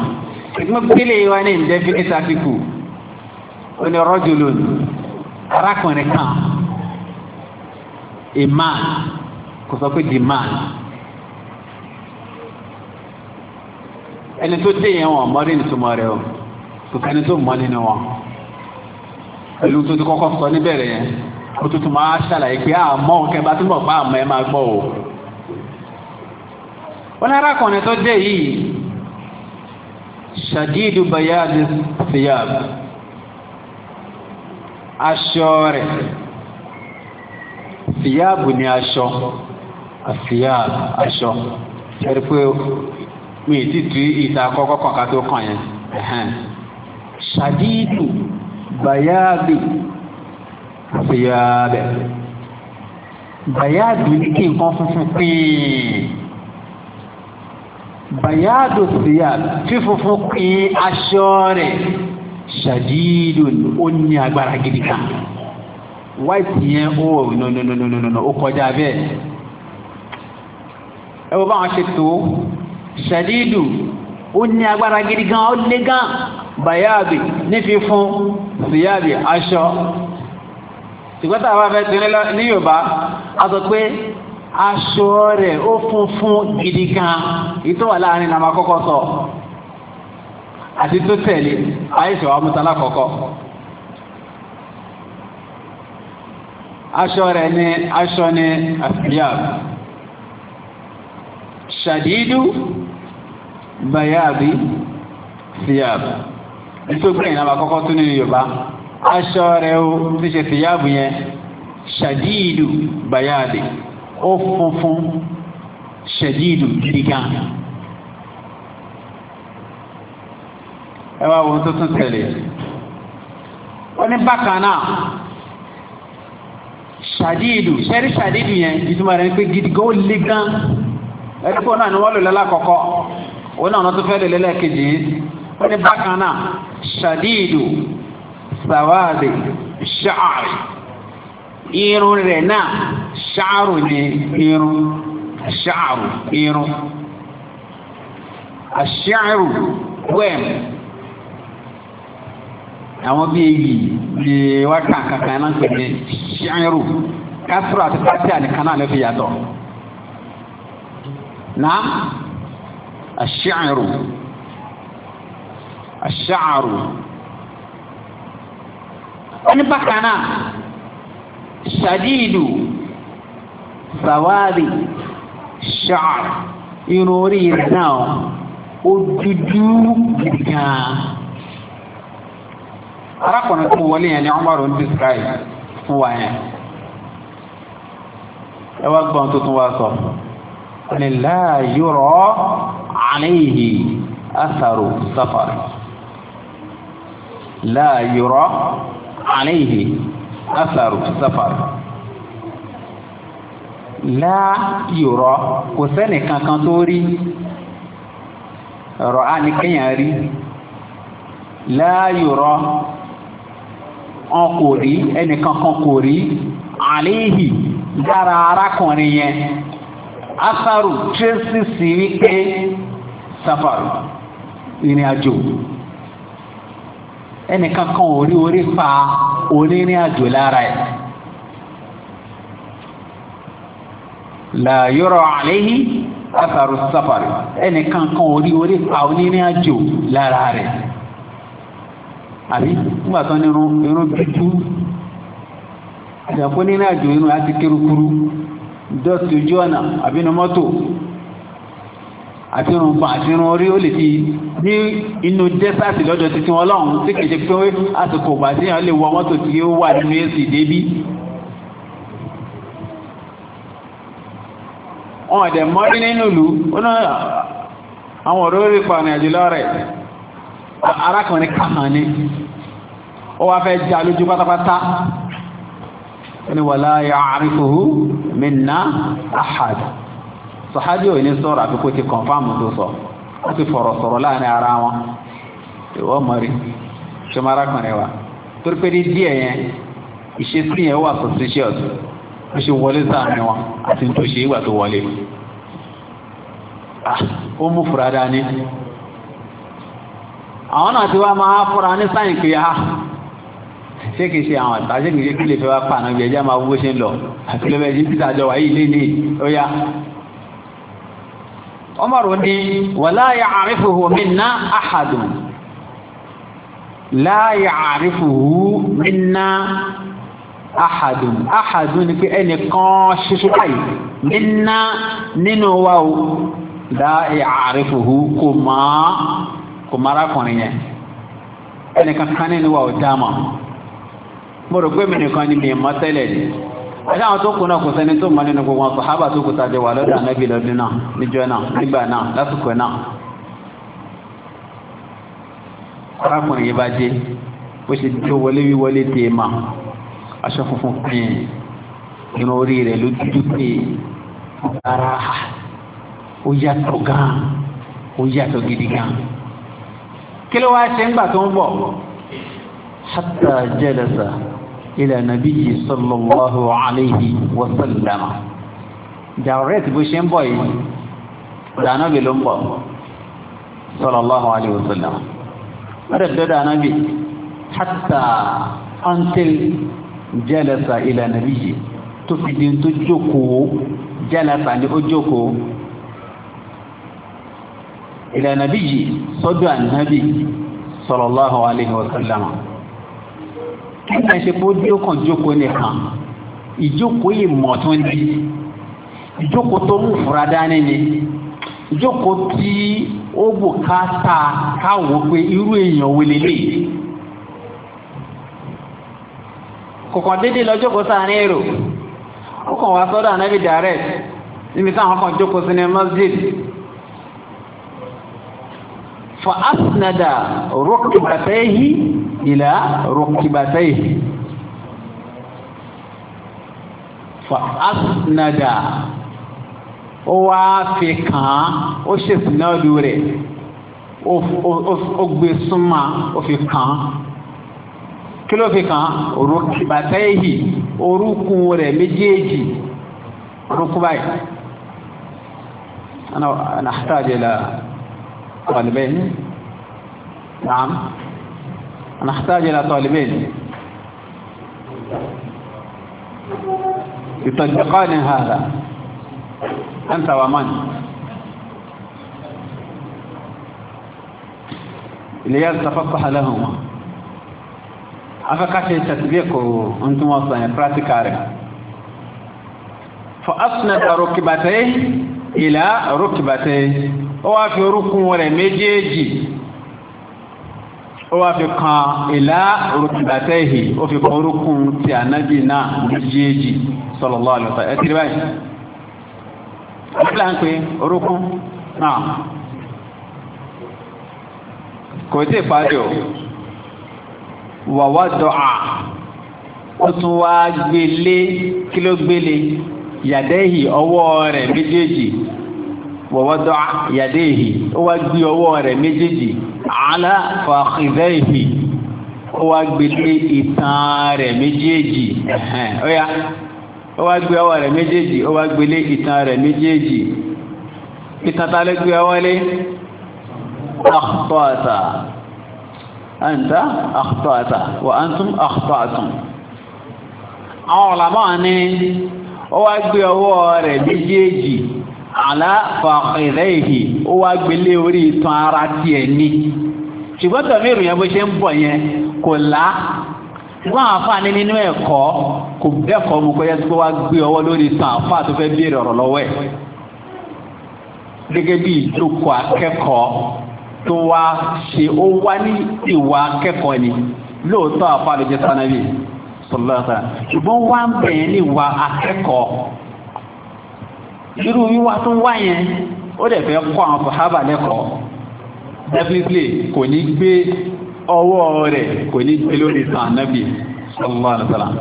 ìgbẹ́gbẹ́lẹ̀ wa ní indefinite article ó ní rọ́jùlù arákùnrin kan a man kò sọ pé the man ẹni tó dé yẹn wọn mọ ní ìtumọ̀ rẹ̀ o kò kẹni tó mọ nínú wọn pẹ̀lú tó ti kọ́kọ́ sọ níbẹ̀rẹ̀ yẹn ó tuntun máa ṣàlàyé pé àmọ́ ah, òun kẹba tó mọ̀ bá àmọ́ ẹ máa gbọ́ o wọn ní arákùnrin tó dé yìí ṣàdídù bayadi fìyàbù aṣọ rẹ̀ síyáàbù ni aṣọ àsíyáàbù aṣọ ẹ̀rí pé mi ì títú ìta àkọ́kọ́ kan ká tó kàn yẹn ṣàdídù bàyáàbì àsíyáàbù bàyáàbì ní kí nǹkan funfun pín bàyáàbù síyáàbù fífunfun pín aṣọ rẹ̀ ṣàdídù ó ní agbára gidi kan white yẹn ó oh, no no no no no no o kọjá bẹ́ẹ̀ ẹ wo báwọn ṣe tó ṣàdídù ó ní agbára gidi gan ó lé gan bayaabi ní fífún síyáàbì aṣọ ṣùgbọ́n àwọn afẹ́ tí ní Yorùbá a sọ pé aṣọ rẹ̀ ó funfun gidi gan ìtọ́ wà láàrin nàmà kọ́kọ́ sọ àti tó tẹ̀lé àìṣọ́ àmútalá kọ́kọ́. aṣọ rẹ̀ ní aṣọ ní àfíyàb ṣàdídú bayáàbí fíyàb nítorí ìnáwó àkọ́kọ́ tún nínú yorùbá aṣọ rẹ̀ ó ti ṣe fíyàb yẹn ṣàdídú bayáàbí ó funfun ṣàdídú gírígán ẹwà wọn tó tún tẹ̀lé ó ní bákan ṣàdíìdù ṣẹ́rí ṣàdíìdù yẹn ìtumọ̀ rẹ̀ ń pé gidi gan ó le gan ẹni kó náà ni wọ́n lò lọ́la kọ̀kọ́ òun náà tó fẹ́ lò lọ́la kejì ó ní bákan náà ṣàdíìdù sàwáàdì ṣáàrì irun rẹ̀ náà ṣáàrù ni irun ṣáàrù irun àṣáàrù wẹ́ẹ̀mù àwọn bí èyí bí wákà kankan náà ń pè ní ṣẹ́rù kásìrò àti pátíà nìkan náà ló fi yàtọ̀ náà ṣẹ́rù ṣẹ́rù wọ́n ní bákan náà ṣàdíìdù sàwárì ṣàr irun orí rẹ̀ náà ó dúdú gidi gan-an arákùnrin tí mo wọlé yẹn ni ọmọrùn describe fún wa yẹn ẹ wá gbọ́n tuntun wá sọ ní láàyòrò àníyí asàrò sáfàrì láàyòrò àníyí asàrò sáfàrì láàyòrò kò sẹ́nì kankan tó rí rọ̀ á ní kéèyàn rí láàyòrò wọn kò rí ẹnìkan kan kò rí àléhì dára arákùnrin yẹn asaru tracy sí wípé safari ìrìn àjò ẹnìkan kan ò rí orí fa onírìn àjò lára ẹ̀ la yọrọ àléhì asaru safari ẹnìkan kan ò rí orí fa onírìn àjò lára rẹ̀ àbí nígbà tán ní irun dúdú àjàpọ̀ nínú àjò irun láti kérukuru dọ́tí ojú ọ̀nà àbí inú mọ́tò àti irun pa àti irun orí ó lè fi ní inú dẹ́sàtì lọ́dọ̀ títí wọn lọ́hùn tí kìí ṣe pé àsìkò ìgbà tí èèyàn lè wọ mọ́tò tí ó wà nínú èsì débí wọn ọ̀dẹ̀ mọ́rí nínú ìlú àwọn ọ̀rọ̀ orí pa ọ̀nà ìjìlọ rẹ̀ arákùnrin kàhàn ní ó wá fẹ́ já lójú pátápátá ní wàlá ya'rifuhu minna ahad sọ̀hádìí ò ní sọ̀rọ̀ àfikún ti kọ̀nfàmù tó sọ ó ti fọ̀rọ̀ sọ̀rọ̀ láàrin ara wọn ìwọ́ mọ̀rí ṣe máa rákùnrin wa torí pé ní díẹ̀ yẹn ìṣesí yẹn wà tó ṣe ìgbà àwọn náà ti wá máa fúnra ní sáyìn pé ha ah, ṣé kìí ṣe àwọn àtàṣe kìí ṣe kí lè fẹ́ wá pàánà bí ẹjẹ́ máa wúwo ṣe ń lọ àti lọ́bẹ̀ yìí títà jọ wáyé ilé ní ọya Umaru ní wala ya'rifuhu minna ahadun minna ahadun wa o la ya'rifuhu kò máa kò mara kùnrin yẹn ẹnìkan kan ní wa ò dá mọ̀ mo rò pé mi nìkan ni mi mọ̀ tẹ́lẹ̀ ni ẹ̀dá àwọn tó kù náà tó mọ̀ nínú gbogbo àwọn sàhábà tó kù tàbí wà lọ́dọ̀ ànábì na, náà níjọ́ náà nígbà náà lásìkò náà arákùnrin yìí aṣọ funfun orí rẹ̀ ló dúdú pé ara ó yàtọ̀ gan ó yàtọ̀ gidi gan. kí ló wá ṣe ń gbà tó ń bọ̀ hatta jalasa ila nabiyyi sallallahu alayhi wa sallam jàrẹ́tì bó ṣe ń bọ̀ yìí dáná bí ló ń bọ̀ sallallahu alayhi wa sallam mẹ́rẹ̀ tó dáná bí hatta until jalasa ila nabiyyi tó fi di tó jókòó jalasa ni ó jókòó ìlà nàbí yìí sọ́dọ̀ sallallahu alaihi wa sallam kí ni ṣe kó ọkàn yi nìkan ìjókòó ìmọ̀ ní ìjókòó tó mú fura dání ni ìjókòó tí ó bùkátà káwọ́ pé irú wo ó kàn wá sọ́dọ̀ ànábì direct فأسند ركبتيه إلى ركبتيه فأسند وافقا وشفنا دوره ó gbé súnmà ó fi kàn án kí ló fi kàn án òrùkìbàtà èyí orúkún rẹ̀ méjèèjì orúkú báyìí ana àtàjẹ̀lá طالبين نعم نحتاج إلى طالبين يطبقان هذا أنت ومن تفصح لهما أفكاش تطبيق أنتم أصلا براتيكاري فأسند ركبتيه إلى ركبتيه ó wá fi orúkún rẹ̀ méjèèjì ó wá fi kan ìlà rukbatayhi ó fi kan orúkún ti ànábì náà méjèèjì sallallahu alaihi wasallam báyìí ó ń pè orúkún náà kò tí ì parí o wàwádọ́à ó tún méjèèjì wọ̀wọ́dọ̀ yàdéhì ó wá gbé ọwọ́ rẹ̀ méjèèjì àálá fàkìdẹ́hì ó wá gbé lé ìtàn rẹ̀ méjèèjì ó yá ó wá gbé ọwọ́ rẹ̀ méjèèjì ó wá gbé lé ìtàn rẹ̀ méjèèjì ìtàn gbé ọwọ́ lé akhtata anta akhtata àlá fàkìrẹ́yìí ó wá gbélé orí ìtàn ara tiẹ̀ ní ṣùgbọ́n tọ̀mí ìròyìn bó ṣe ń bọ̀ yẹn kò lá ṣùgbọ́n àǹfààní nínú ẹ̀kọ́ kò bẹ́ẹ̀kọ́ mu kọjá tó wá gbé ọwọ́ lórí ìtàn àǹfà tó fẹ́ béèrè ọ̀rọ̀ lọ́wọ́ ẹ̀ gẹ́gẹ́ bí ìjókòó akẹ́kọ̀ọ́ tó wá ṣe ó wá ní ìwà akẹ́kọ̀ọ́ ni lóòótọ́ àǹfààní jẹ́ sanabi sọlọ́ta ṣùgbọ́n wá ń bẹ̀yẹn ní ìwà akẹ́kọ̀ọ́ irú wíwá tó ń wá yẹn ó dẹ̀ fẹ́ kọ́ àwọn fàhábà lẹ́kọ̀ọ́ definitely kò ní gbé ọwọ́ rẹ̀ kò ní gbé lórí sàn nábì sallallahu alaihi wasallam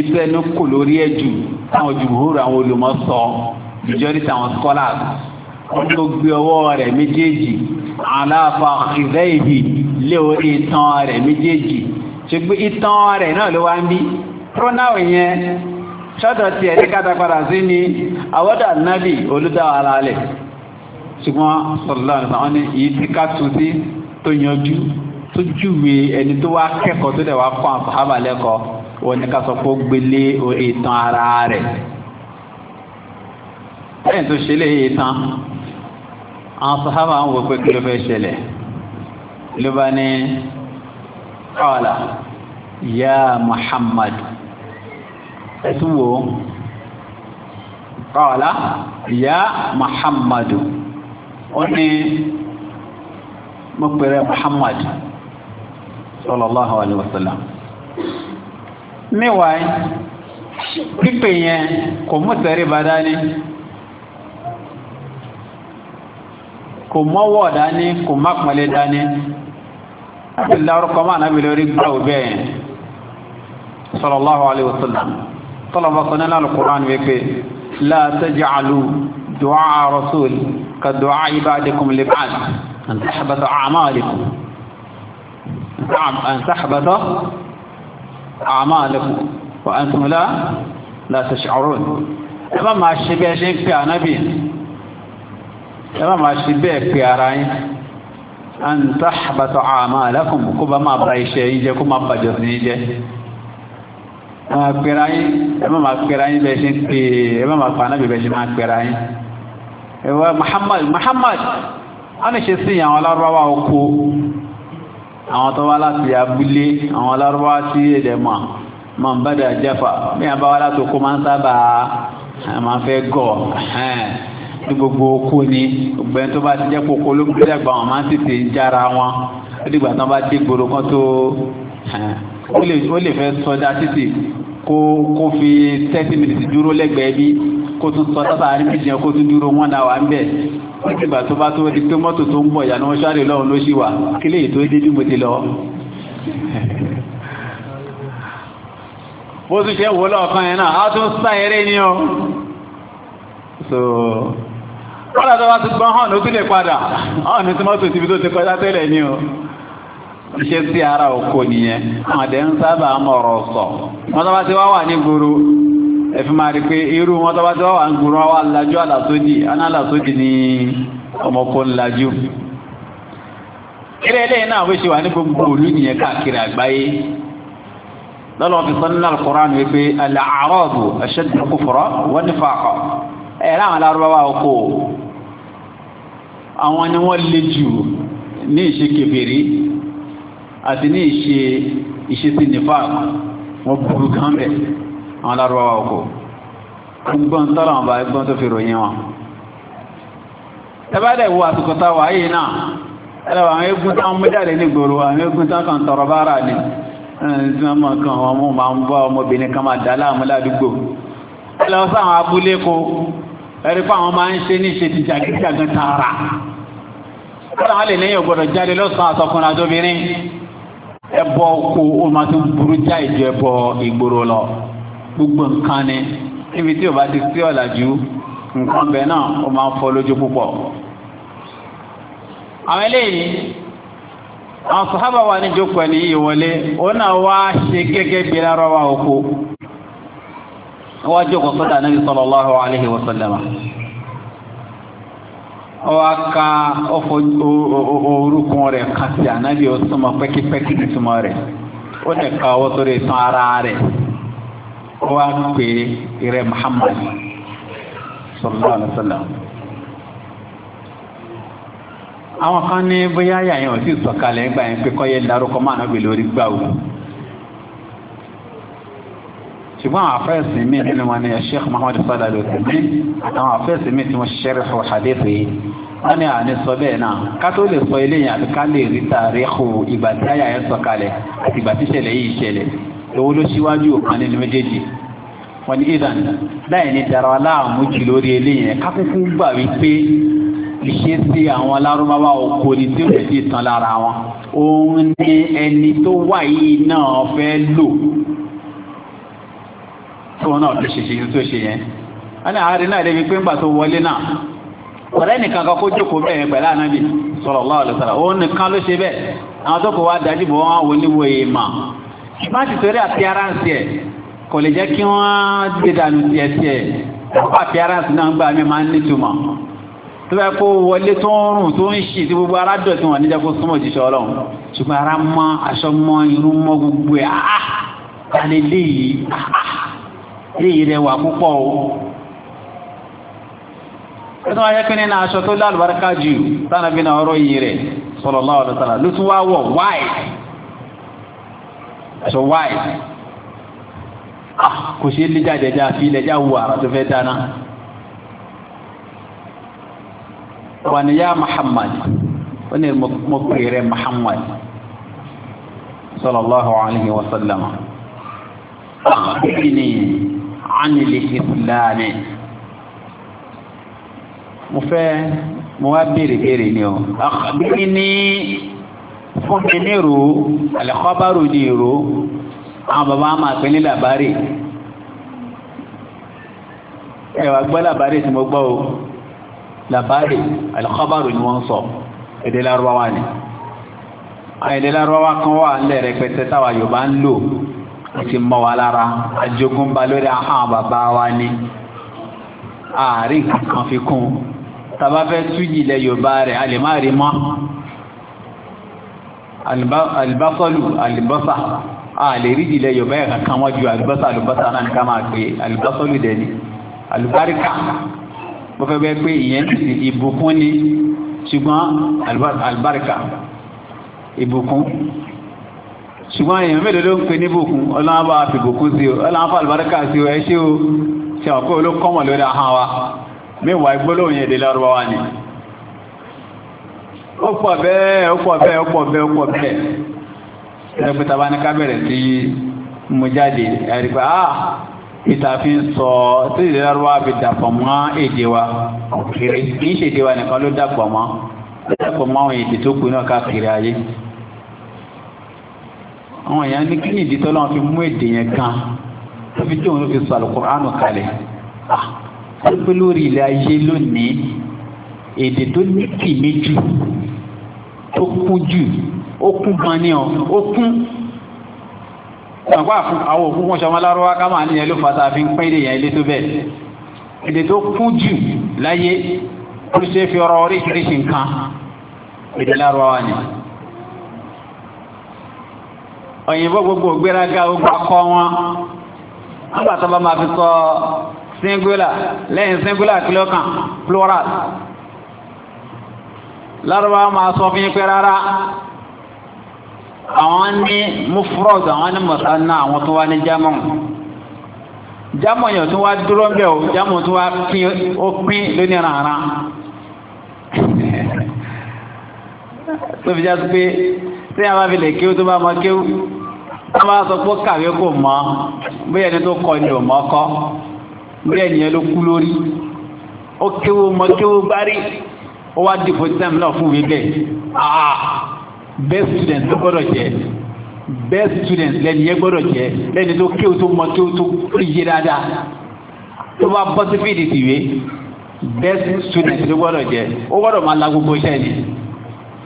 ìfẹ́nu kò lórí ẹ̀ jù táwọn jùmùhúrù àwọn olùmọ̀ sọ majority àwọn scholars wọ́n tó gbé ọwọ́ rẹ̀ méjèèjì aláfa ìfẹ́ ìbí lé orí ìtàn rẹ̀ méjèèjì ṣùgbọ́n ìtàn rẹ̀ náà ló wá ń bí pronoun yẹn ṣọ́dọ̀ ti ẹ̀ ní kátàkàrà sí ni àwọ́dà nábì olúdá ara rẹ̀ ṣùgbọ́n sọ̀rọ̀lá àwọn ní èyí tí ká tún sí tó yanjú tó júwe ẹni tó wá kẹ́kọ̀ọ́ tó dẹ̀ wá kọ́ àbáhábà lẹ́kọ̀ọ́ wọ́n ìtàn àwọn sọ̀hábà ń wo pé kí ló fẹ́ ṣẹlẹ̀ ló bá ní qala ya Muhammad ẹ̀tún wo kọ́ọ̀lá ìyá muhammadu ó ní mọ́pẹ̀rẹ̀ muhammadu sallallahu alaihi wasallam mẹ́wàá pípẹ̀ yẹn kò mú tẹ̀rí bá dání kò mọ́wọ́ dání kò mọ́pẹ̀lẹ̀ dání láti lárúkọ máa nábi lórí gbáwó bẹ́ẹ̀ sallallahu alaihi tọ́lọ̀bà sọ nínú alukùránì wípé la taj'alu du'a rasul ka du'a ibadikum lib'ad an tahbata a'malikum an tahbata a'malikum wa antum la la tash'urun ẹ má máa ṣe bẹ́ẹ̀ ṣe ń pè ànábì ẹ má máa ṣe bẹ́ẹ̀ pè ara yín an tahbata kó bá máa bá iṣẹ́ yín kó máa bàjọ́ sí yín máa pẹ́ra yín ẹ má máa pẹ́ra yín bẹ́ẹ̀ ṣe ń pè é ẹ má máa fa anábì bẹ́ẹ̀ ṣe máa pẹ́ra yín. ẹ wá Muhammad Muhammad á ní ṣe sí àwọn alárúbáwá oko àwọn tó wá láti abúlé àwọn alárúbáwá tí èdè mọ̀ máa bàdà jáfa bí wọn bá wá láti oko máa ń sábà máa fẹ́ gọ̀ ní gbogbo oko ni gbogbo tó bá ti jẹ́ kókó ló gbé dàgbà wọn máa ń tètè jára wọn ó dìgbà tán bá dé gbòòrò kan tó ó lè fẹ́ sọdá títì kó kó fi thirty minutes dúró lẹ́gbẹ̀ẹ́ bí kó tún sọ sábà àárín méjì yẹn kó tún dúró one hour ń bẹ̀ nígbà tó bá tó di pé mọ́tò tó ń bọ̀ ìyànà wọn ṣáàrè lọ́run ló ṣì wà kí lè tó dé bí mo ti lọ. bó tún ṣe ń wò lọ́ọ̀kan yẹn náà á tún sá eré ni o. wọ́n lọ́dọ̀ wá ti gbọ́n hàn ló tún lè padà hàn ní tí mọ́tò ti fi tó ti kọjá tẹ́lẹ̀ ni o ṣe sí ara òkò nìyẹn àwọn àdẹ ń sábà mọ̀rọ̀ sọ wọ́n tọ́wá tí wá wà ní gbòòrò ẹ̀fí máa rí pé irú wọ́n tọ́wá tí wá wà ní gbòòrò wá lajú àlàsódì alálàsódì ní ọmọkó ńlajú eré eléyìí náà wíṣe wà ní gbogbo òlú nìyẹn káàkiri àgbáyé lọ́lọ́ fi sọ nínú wípé al-a'rabu ashaddu kufra wa nifaqa ẹ̀rọ àwọn alárúbáwá ọkọ àwọn ni wọ́n le jù àti ní ìṣe ìṣesí nifaq wọn burú gan bẹ àwọn lárúbáwá ọkọ gbọ́n tọ́lọ̀ wọn bá gbọ́n tó fi ròyìn wọn. tẹ́bá dẹ̀ wo àsìkò tá wàá náà ẹ̀rọ àwọn eégún táwọn mú jáde nígboro àwọn eégún táwọn kan tọrọ báárà ni tí wọ́n mọ̀ kan wọn mú máa ń bọ́ ọmọbìnrin kan máa dá láàmú ládùúgbò. ẹ lọ sáwọn abúlé ko ẹ̀rí fún àwọn máa ń ṣe ní ẹbọ kó o máa tún burú já ìjọ ẹbọ ìgboro lọ gbogbo nǹkan ni níbi tí o bá ti sí ọ̀làjú nǹkan bẹ́ẹ̀ náà o máa ń fọ́ lójú púpọ̀. àwọn eléyìí àwọn sàhábà wa ní jókòó ẹni yìí wọlé òun náà wá ṣe gẹ́gẹ́ bí lárọ́ wa òkú wọ́n jókòó sọ́dà ọwọ́ aka ọfọ orúkún rẹ̀ kàti ànábì ọ̀sùnmọ̀ pẹ́kípẹ́kí ìtumọ̀ rẹ̀ ó ní ká ọwọ́ sórí ìtàn ara rẹ̀ ó wá pé ìrẹ́ Muhammad sallallahu alaihi àwọn kan ní bóyá yàyàn ò sì sọ̀kalẹ̀ yẹn pé kọ́ yẹn máa lórí gbà wò. ṣùgbọ́n àwọn afẹ́sì mi nínú wọn ni sheikh muhammad sallallahu alayhi wa sallam àwọn afẹ́sì mi tí wọ́n ṣẹ́rẹ̀ fún hadith yìí wọ́n ní àní sọ bẹ́ẹ̀ náà ká tó lè sọ eléyìí àti ká lè rí tàríkù ìgbà tí àyà yẹn sọ kalẹ̀ àti ìgbà tí ìṣẹ̀lẹ̀ yìí ṣẹlẹ̀ lówó ló ṣíwájú ọ̀kan nínú méjèèjì wọ́n ní ìdàn láì ní dara aláàmú jù lórí eléyìí ká kúkú gbà wípé ìṣesí àwọn alárúbáwá oko ni tí ó lè ti tán lára wọn òun ni ẹni tó wà yìí náà fẹ́ lò tí wọn náà tó ṣe ṣe tó ṣe yẹn wọn náà àárín náà débi pé ńgbà tó wọlé náà ọ̀rẹ́ nìkan kan kó jókòó bẹ́ẹ̀ pẹ̀lú ànábì sallallahu alaihi wasallam òun nìkan ló ṣe bẹ́ẹ̀ àwọn tó kò wá dájú bọ̀ wọn wò níwò yìí mà má ti torí àpíáránsì ẹ̀ kò lè jẹ́ kí wọ́n gbé dànù tiẹ̀ tiẹ̀ àpíáránsì náà gbà mí máa ń nítumọ̀ tó bá kó wọlé tó ń rùn tó ń ṣì tí gbogbo ara dọ̀tí wọn níjẹ́ kó súnmọ́ òjíṣẹ́ ọlọ́run ṣùgbọ́n ara mọ́ èyí rẹ̀ wà púpọ̀ o ẹ̀tọ́ ayẹ́kẹ́ nínú aṣọ tó lálùbáríkà jù tánàbí na ọ̀rọ̀ yìí rẹ̀ sallallahu alaihi wasallam ló tún wá wọ̀ white aṣọ white ah, kò ṣe lè jáde já fi ilẹ̀ já wù àrà tó fẹ́ dáná wà ní yá Muhammad ó ní mo pè rẹ̀ Muhammad sallallahu alaihi wasallam ah, ánìlè ìfúláàmì mo fẹ́ mo wá béèrè béèrè ni ọ àbí ní fún mi ní ìró àlẹ́kọ́bárò ní ìró àwọn bàbá máa pè ní làbárè ẹ wá gbọ́ làbárè tí mo gbọ́ o labari alikọbaru ni wọ́n sọ èdè ni àìdè kan wà ń lẹrẹ pẹtẹ táwa Yorùbá ń lò ó ti mọ́ wa lára àjogúnba lórí ahọ́n bàbá wa ni ààrí kankan fi kún tàbá fẹ́ tújì ilẹ̀ yorùbá rẹ̀ a lè má rí mọ́ alìbásọ́lù alìbọ́sà a lè rí ilẹ̀ yorùbá yẹ̀ kankan wọ́n ju alìbọ́sà alìbọ́sà náà nìkan máa pè alìbásọ́lù dẹ̀ ni alìbáríkà bó fẹ́ bẹ́ẹ̀ pé ìyẹn ti ìbùkún ni ṣùgbọ́n alìbáríkà ìbùkún ṣùgbọ́n èèyàn mélòó ló ń pè ní bùkún ọlọ́wọ́n bá fi bùkún sí o ọlọ́wọ́n fà àlùbáríkà sí o ẹ ṣé o ṣe ọ̀pẹ́ olókọ́mọ̀ lórí ahọ́n wa mẹ́wàá ìgbólóhùn yẹn wa ni. ó pọ̀ bẹ́ẹ̀ ó pọ̀ bẹ́ẹ̀ ó pọ̀ bẹ́ẹ̀ ó pọ̀ bẹ́ẹ̀ ẹgbẹ́ta bá ní ká bẹ̀rẹ̀ sí mú jáde ẹ̀rígbà á ah, ìtàfin sọ tí ìdílọ́rọ̀ wa fi dàpọ̀ mọ́ èdè wa kiri kì í ṣèdè àwọn èèyàn ní kí ni ìdí tọ́lọ́wọ́n fi mú èdè yẹn kan tó fi tóun ló fi sọ àlùkùránù kalẹ̀ pé lórí ilẹ̀ ayé lónìí èdè tó ní kìmí jù tó kún jù ó kún gan ni ọ ó kún ìgbàgbọ́ àwọn òkú wọn ṣọmọ lárúwá ká máa níyẹn ló fata fi ń pín èdè yẹn ilé tó bẹ́ẹ̀ èdè tó kún jù láyé ó ṣe fi ọ̀rọ̀ oríṣiríṣi nǹkan èdè lárúwá wa ni òyìnbó gbogbo gbéraga gbogbo akọ wọn nígbà tó bá máa fi sọ singular lẹ́yìn singular kìlọ̀ plural lárúbá máa sọ fún yín pé rárá àwọn ní mufrod àwọn ní mọ̀sánná àwọn tó wá ní german german yóò tún wá dúró ń bẹ̀ o german tún wá pín ó pín lónìí rànran tó fi já sí pé tí a bá fi lè kéwú tó bá mọ kéwú wọ́n bá sọ pé kàwé kò mọ́ bí ẹni tó kọ ni ò mọ́ kọ́ bí ẹni yẹn ló kú lórí ó kéwú mọ kéwú bá rí ó wá dìbò sẹ́mi náà fún mi bẹ́ẹ̀ ah best student ló gbọ́dọ̀ jẹ́ best student lẹ́ni yẹn gbọ́dọ̀ jẹ́ lẹ́ni tó kéwú tó mọ kéwú tó yé dáadáa tó bá bọ́ sí fídì tìwé best student ló gbọ́dọ̀ jẹ́ ó gbọ́dọ̀ máa la gbogbo iṣẹ́ ni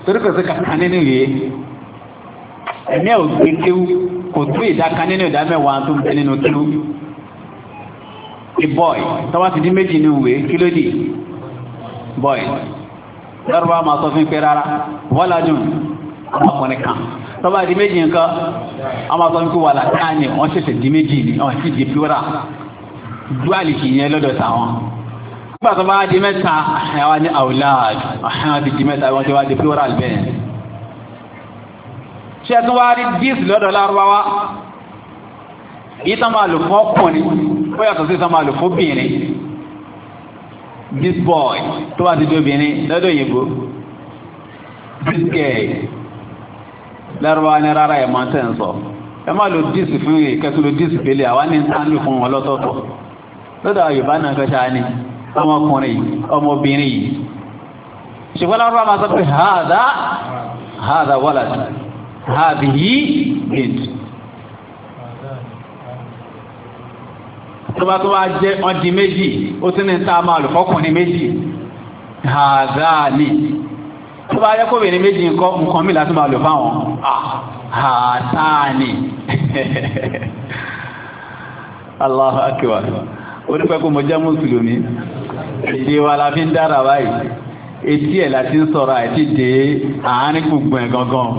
torí kò sí yìí ẹ̀mí ẹ̀ ò gbé kéwú kò tó ìdáka nínú ìdá mẹ́wàá tó ń bẹ nínú kéwú a boy tọ́wọ́ ti dín méjì ní ìwé kí ló dì boy lọ́rọ̀ máa sọ fún pé rárá wọ́ládùn ọmọkùnrin kan tọ́bá di méjì nǹkan ọmọ sọ fún wà látàáyẹ wọ́n ṣẹ̀ṣẹ̀ di méjì ní ọ̀n sí di plural duality yẹn lọ́dọ̀ tàwọn nígbà tó bá di mẹ́ta àwọn ni àwòláàdù àwọn ti di mẹ́ta wọ́n ti wá di plural bẹ́ẹ̀ ṣe tún wá rí dis lọ́dọ̀ lárúbáwá ìtàn máa lò fún ọkùnrin ó yàtọ̀ sí ìtàn máa lò fún obìnrin this boy tó bá ti di obìnrin lọ́dọ̀ òyìnbó this girl lárúbáwá ní rárá ẹ̀ máa ń tẹ̀ ń sọ ẹ máa lo dis fún yìí kẹtù lo dis pélé àwa ní sáńdù fún wọn lọ́tọ̀ọ̀tọ̀ lọ́dọ̀ yorùbá náà kẹta ni ọmọkùnrin ọmọbìnrin yìí ṣùgbọ́n lárúbáwá máa sọ pé hàdá hàdá wọ́lá sí i hàbìyí bid tó bá tó bá jẹ́ ọdí méjì ó tún ní ta máa lò fọ́kùnrin méjì hàdáàní tó bá yẹ́kọ́ bèèrè méjì nǹkan nǹkan mí láti máa lò fáwọn hàdáàní Allahu akbar onípẹ́kù mọ̀ jẹ́ mùsùlùmí èdè wa la fi ń dára báyìí etí ẹ̀ láti ń sọ̀rọ̀ àti dé àárín gbùngbùn ẹ̀ gangan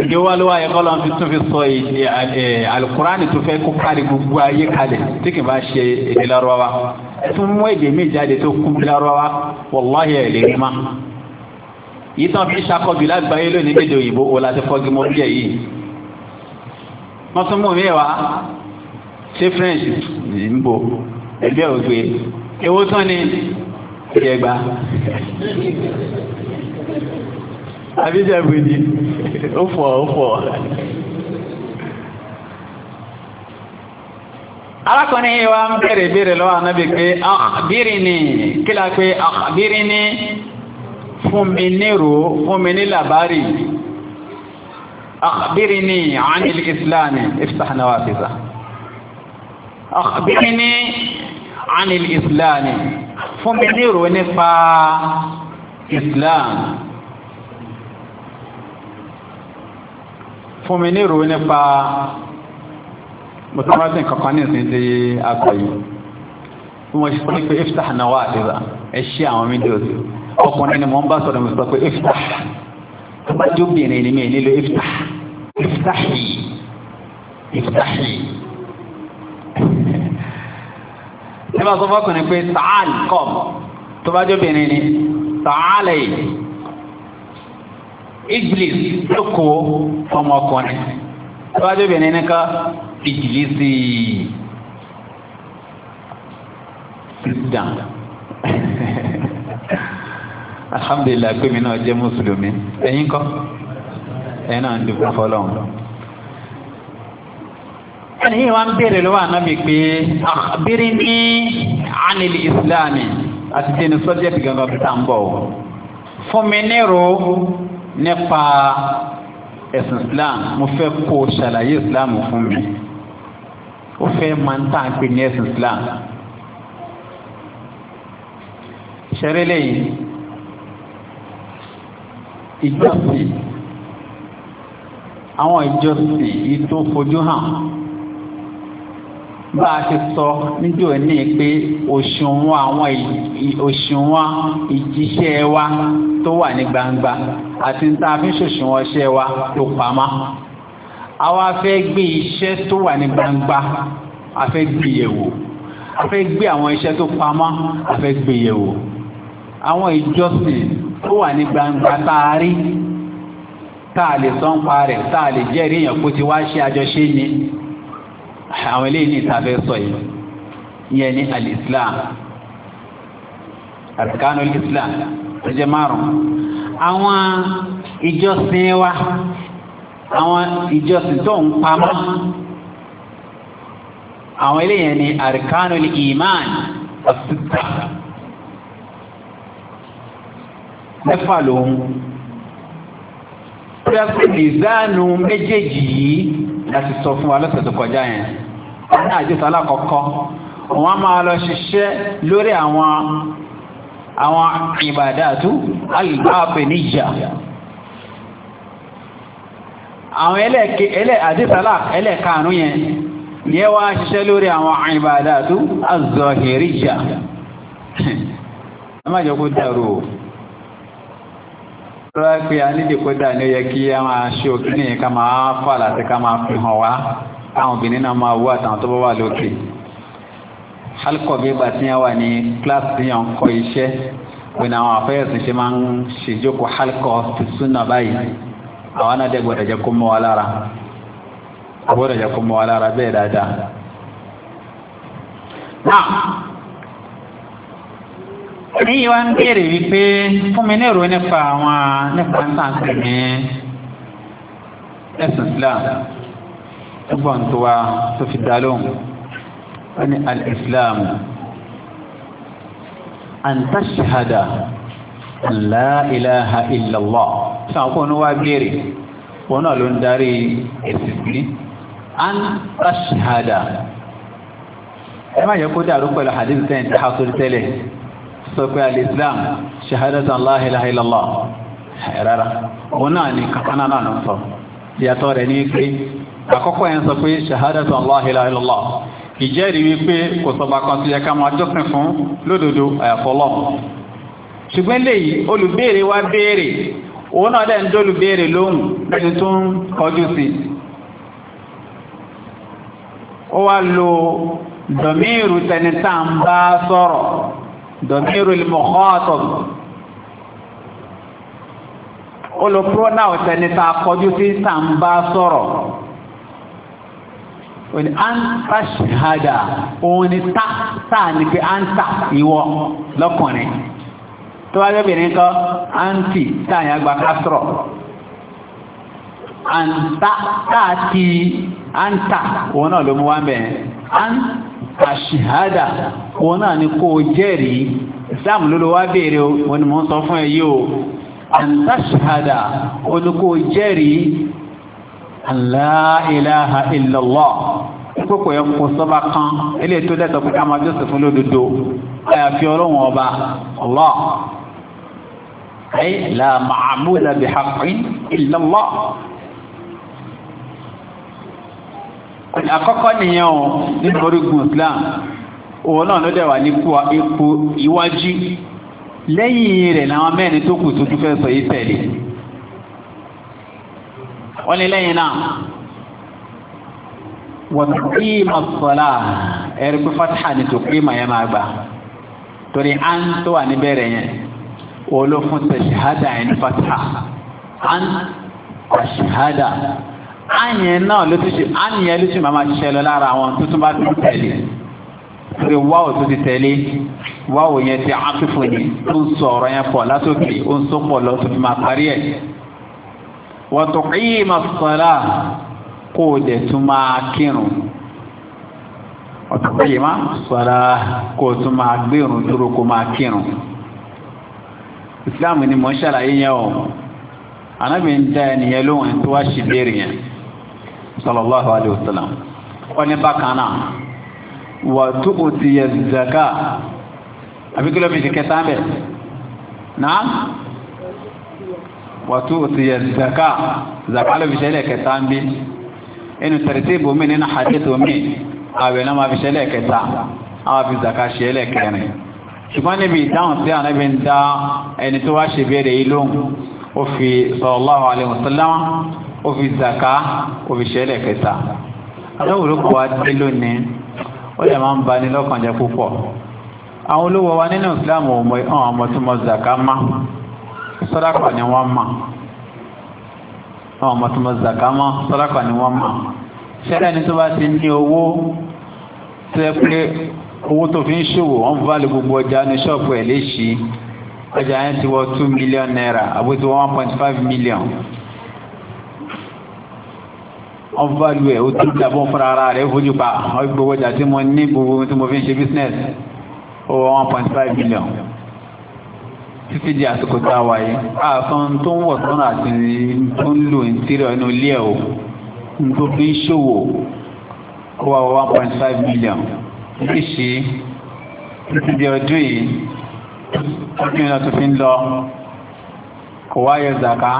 ìdí wàlúwà yẹn kọ́lọ́n ti tún fi sọ alukurani tó fẹ́ kó kárí gbogbo ayé kalẹ̀ tí kì bá ṣe èdè Lárúbáwá tún mú èdè mi jáde tó kú Lárúbáwá wàláhì ẹ̀ lè fi ma yìí tán fi ṣàkọ́bí lágbàáyé o láti fọ́gi mọ́ àbíjẹ́ bèdì ó fọ̀ ó fọ̀ alákùnrin yìí wá ń bẹ̀rẹ̀ ìbéèrè lọ́wọ́ anábì pé àbírin ni kílá pé àbírin ni fún mi nírò fún mi ní làbárì àbírin ni àánil islam ìfìsànà fìsà àbírin ni àánil islam fún mi nírò nípa islam fún mi ní ìròyìn nípa mọ̀tàmátì kankan ní ìsìn tí a kọ yìí bí wọ́n ṣe fún pé iftah náà wà àdìrà ẹ ṣí àwọn fídíòs ọkùnrin ni mo ń bá sọ̀rọ̀ mo sọ pé iftah tó ijilis ló kó ọmọkùnrin tọ́wájú obìnrin ní ká ìjìlísì kristian alhamdulillah pé mi náà jẹ́ mùsùlùmí ẹ̀yin kọ́ ẹ̀yin náà ń dùkú fọlọ́run ẹ̀yin wa ń béèrè lọ́wọ́ ànábì pé àbírí ní anil islam àti tẹni sọ́jẹ́tì gangan bí tá à ń bọ̀ fún mi nírò nípa ẹ̀sìn islam mo fẹ́ kó o ṣàlàyé islam fún mi ó fẹ́ máa ń tàn pé ní ẹ̀sìn islam ṣeré lẹ́yìn ìjọsìn àwọn ìjọsìn yìí tó fojú hàn bá a ti sọ níjó ní pé òṣùwọ̀n àwọn òṣùwọ̀n ìjíṣẹ́ wa tó wà ní gbangba àti ní tá a fi ń ṣòṣùwọ̀n iṣẹ́ wa tó pamọ́ àwa fẹ́ gbé iṣẹ́ tó wà ní gbangba a fẹ́ gbé yẹ̀wò a fẹ́ gbé àwọn iṣẹ́ tó pamọ́ a fẹ́ gbé yẹ̀wò àwọn ìjọsìn tó wà ní gbangba tá a rí tá a lè sọ rẹ̀ tá a lè jẹ́rìí èèyàn kó ti wá ṣe àjọṣe ni àwọn eléyìí ní ìtafẹ́ sọ yìí ìyẹn ní al-islam àtìkánú islam tó jẹ márùn àwọn ìjọsìn wa àwọn ìjọsìn tó ń pamọ́ àwọn eléyìí ní àríkánú iman ọ̀sìtà mẹ́fà lòun pẹ́ẹ́pẹ́ mìzánù méjèèjì yìí láti sọ fún wa lọ́sẹ̀ tó kọjá yẹn ní àjẹsọ alákọ̀ọ́kọ́ wọ́n máa lọ ṣiṣẹ́ lórí àwọn àwọn ìbàdàtú alìbáàpẹ̀níjà àwọn àdìsálà ẹlẹ́ẹ̀kanu yẹn yẹ wá ṣiṣẹ́ lórí àwọn ìbàdàtú azọ̀hẹ̀ríjà ẹ má jẹ́ kó dàrú o lọ́wọ́ pé a nídìí kó dà ní ó yẹ kí a máa ṣe òkín nìyẹn ká máa fà láti ká máa fi hàn wá káwọn obìnrin náà máa wú àtàwọn tó bá wà lókè alukọ bí ìgbà tí yẹn wà ní kíláàsì tí yẹn kọ́ iṣẹ́ òun àwọn àfẹ́yẹ̀sìn ṣe máa ń ṣèjókòó alukọ ti súnà báyìí àwọn náà dẹ̀ gbọ́dọ̀ jẹ́ kó mọ́ wa lára gbọ́dọ̀ jẹ́ kó mọ́ wa lára bẹ́ẹ̀ dáadáa èyí wá ń béèrè wípé fún mi nírò nípa àwọn nípa ntàǹtì ní ẹ̀sìn islam ẹ̀gbọ́n tó wá tó fi dá lóhùn wọ́n ní al-islam an tashhada an la ilaha illallah wá béèrè wọn náà ló ń darí ẹ̀sìn sí an ẹ má yẹ kó dàrú pẹ̀lú hadith tẹ́yìn tí tẹ́lẹ̀ sọ pé al-islam shahadatan la ilaha illallah rárá òun náà ni kankana náà ń sọ ìyàtọ̀ rẹ̀ ní pé àkọ́kọ́ yẹn sọ pé shahadatan la ilaha illallah ìjẹ́rìí wípé kò sọba kan tó yẹ ká máa jọ́sìn fún lódodo àyàfọ́lọ́ ṣùgbọ́n léyìí olùbéèrè wá béèrè òun náà dẹ̀ ń dólùbéèrè lóhùn lóṣù tó ń kọjú sí ó wá lo dọ̀míìrù tẹni ń bá sọ̀rọ̀ dọ̀míru mọ̀kọ́ọ̀tọ̀m olùpro náà tẹni ta kọjú sí sàmbá sọ̀rọ̀ òní àǹtà ṣìhádà òun ni tá táà ní pé àǹtà ìwọ lọ́kùnrin tó wáyé obìnrin kọ́ àǹtì táà yẹn gba kásọ̀rọ̀ anta taati anta òun náà ló mú wá bẹ́ẹ̀ an àṣìhádà òun náà ni kó o jẹ́rìí islam ló ló wá béèrè o òun ni mò ń sọ fún ẹ yìí o anta ṣìhádà òun ni kó o jẹ́rìí la ilaha illallah kókò yẹ kan eléyìí tó dẹ́tọ̀ pé ká máa jọ́sìn fún lódodo àyàfi ọlọ́run ọba Allah ayé la ma'buda bihaqqin illallah. àkọ́kọ́ nìyẹn o nínú orígun Islam òun náà ló dẹ̀ wà ní ipò iwájú lẹ́yìn rẹ̀ làwọn mẹ́rin tó kù tó tún fẹ́ sọ yìí tẹ̀lé wọ́n ní lẹ́yìn náà wọ́n tí ma sọ́lá ẹ̀rí pé fatiha ni tó pé màá yẹn máa gbà torí à ń tó wà níbẹ̀rẹ̀ yẹn òun ló fún tẹ̀síhádà à ń tẹ̀síhádà. àyẹn náà ló ti ṣe àyẹn ló ṣe máa máa ṣiṣẹ́ lọ lára àwọn tó tún bá tún tẹ̀lé pé wáwò tó ti tẹ̀lé wáwò yẹn ti àtúfò ní ó ń sọ ọ̀rọ̀ yẹn pọ̀ látòkè ó ń sọ pọ̀ lọ tó fi máa parí ẹ̀ wọ́n tó kí máa kó o dẹ̀ tún máa kírun ọ̀tọ̀ yìí máa sọ̀rọ̀ kó o tún máa gbérun dúró kó máa kírun Islam ni mo ń ṣàlàyé yẹn o anábìyẹn dá ẹnìyẹn lóhùn tó wá ṣì béèrè yẹn sallallahu alayhi wa sallam wọ́n ní bákan náà wà tó o ti yẹ zaka àbí kìlómítì kẹta bẹ̀ náà wà tó o ti yẹ zaka zaka ló fi ṣẹlẹ̀ kẹta bí inú tẹ̀rẹ̀tẹ̀ bòmí nínú hadith omi àwẹ̀ náà máa fi ṣẹlẹ̀ kẹta àwọn fi zaka ṣẹlẹ̀ kẹrin ṣùgbọ́n níbi ìdáhùn sí ànábì ń dá ẹni tó wá ṣe bẹ̀rẹ̀ yìí ó fi sallallahu alayhi òfi zaka òfi ṣẹlẹ̀ kẹta aláwòrán kò wá dé lónìí ó lè máa ń bani lọ́kàn jẹ́ púpọ̀ àwọn olówó wa nínú islam ò mọ ìhàn ọmọ tí mo zaka ma. sọ́dákọ̀ ni wọ́n mà ọmọ tí mo zaka má sọ́dákọ̀ ni wọ́n mà ṣẹlẹ̀ ní tó bá ti ní owó tó pé owó tó fi ń ṣòwò wọ́n bá lè gbogbo ọjà ní ṣọ́ọ̀bù ẹ̀ léṣìí ọjà yẹn ti wọ two million naira àbótiwọ́ one point five million wọ́n fàlù ẹ̀ ó tún dàbọ̀ fúnra ara rẹ̀ fojú pa gbogbo ọjà tí mo ní gbogbo tí mo fi ń ṣe business ó 1.5 million títí di àsìkò tá a wà yìí ààfin tó ń wọ̀ sọ́nà àti tó ń lò ń tirẹ̀ inú ilé ẹ̀ o n tó fi ń ṣòwò ó wà one point five million níṣì títí di ọdún yìí ọdún yìí tó fi ń lọ kò wáyé zaka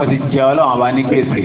ó ti jẹ ọlọ́run àbá ní gbèsè.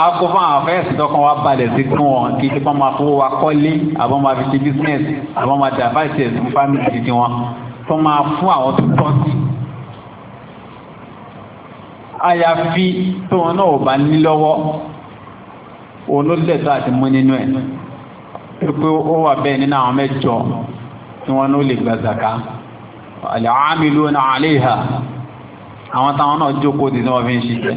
akó fún àwọn afẹ́sì tó kàn wá balẹ̀ sí kún wọn kí tí wọ́n máa fowó wa kọ́lé àbọ̀ máa fi ṣe business àbọ̀ máa dà báyìí ṣe fún family títí wọn tó máa fún àwọn tó tọ́ sí. àyàfi tóun náà ò bá ní lọ́wọ́ òun ló lẹ́tọ́ àti mú nínú ẹ̀ pé ó wà bẹ́ẹ̀ nínú àwọn mẹ́jọ tí wọ́n ló lè gba zaka al-amiluna alayha àwọn táwọn náà jókòó tí wọ́n fi ń ṣiṣẹ́.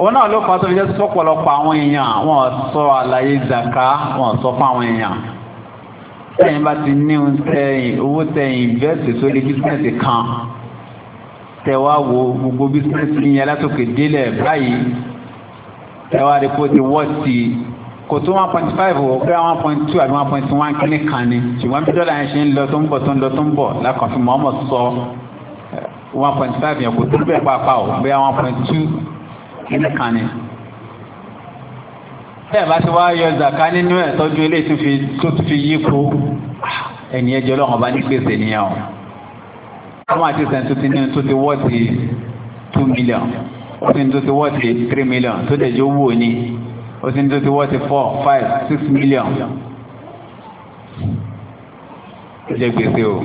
òun náà ló kàn tó fi jẹ́ sọ́pọ̀lọpọ̀ àwọn èèyàn wọn sọ àlàyé zaka wọn sọ fún àwọn èèyàn tẹ́yìn bá ti ní owó tẹ́yìn invest sórí bísínẹ́sì kan tẹ́wá wo gbogbo bísínẹ́sì yẹn látòkè délẹ̀ báyìí tẹ́wá rí kó ti wọ́ sí i kò tó one point five o pé one point two àbí one point one kíní kan ni ṣùgbọ́n bí dọ́là yẹn ṣe ń lọ tó ń bọ̀ tó ń lọ tó ń bọ̀ lákàn fún mọ́mọ́ sọ eh, one point five yẹn kò tó bẹ́ẹ̀ pàápàá o bóyá one point two ilé kan ni bẹ́ẹ̀ bá ti wá yọ zaka nínú ẹ̀ tọ́jú ilé tó ti fi yípo ah, ẹni ẹjọ́ lọ́wọ́ bá ní gbèsè nìyẹn o wọ́n máa ti sẹ́ni tó ti ní tó ti wọ́ ti two million ó ti ní tó ti wọ́ ti three million tó dẹ̀ jẹ́ owó ni ó ti ní tó ti wọ́ ti four five six million ó jẹ́ gbèsè o.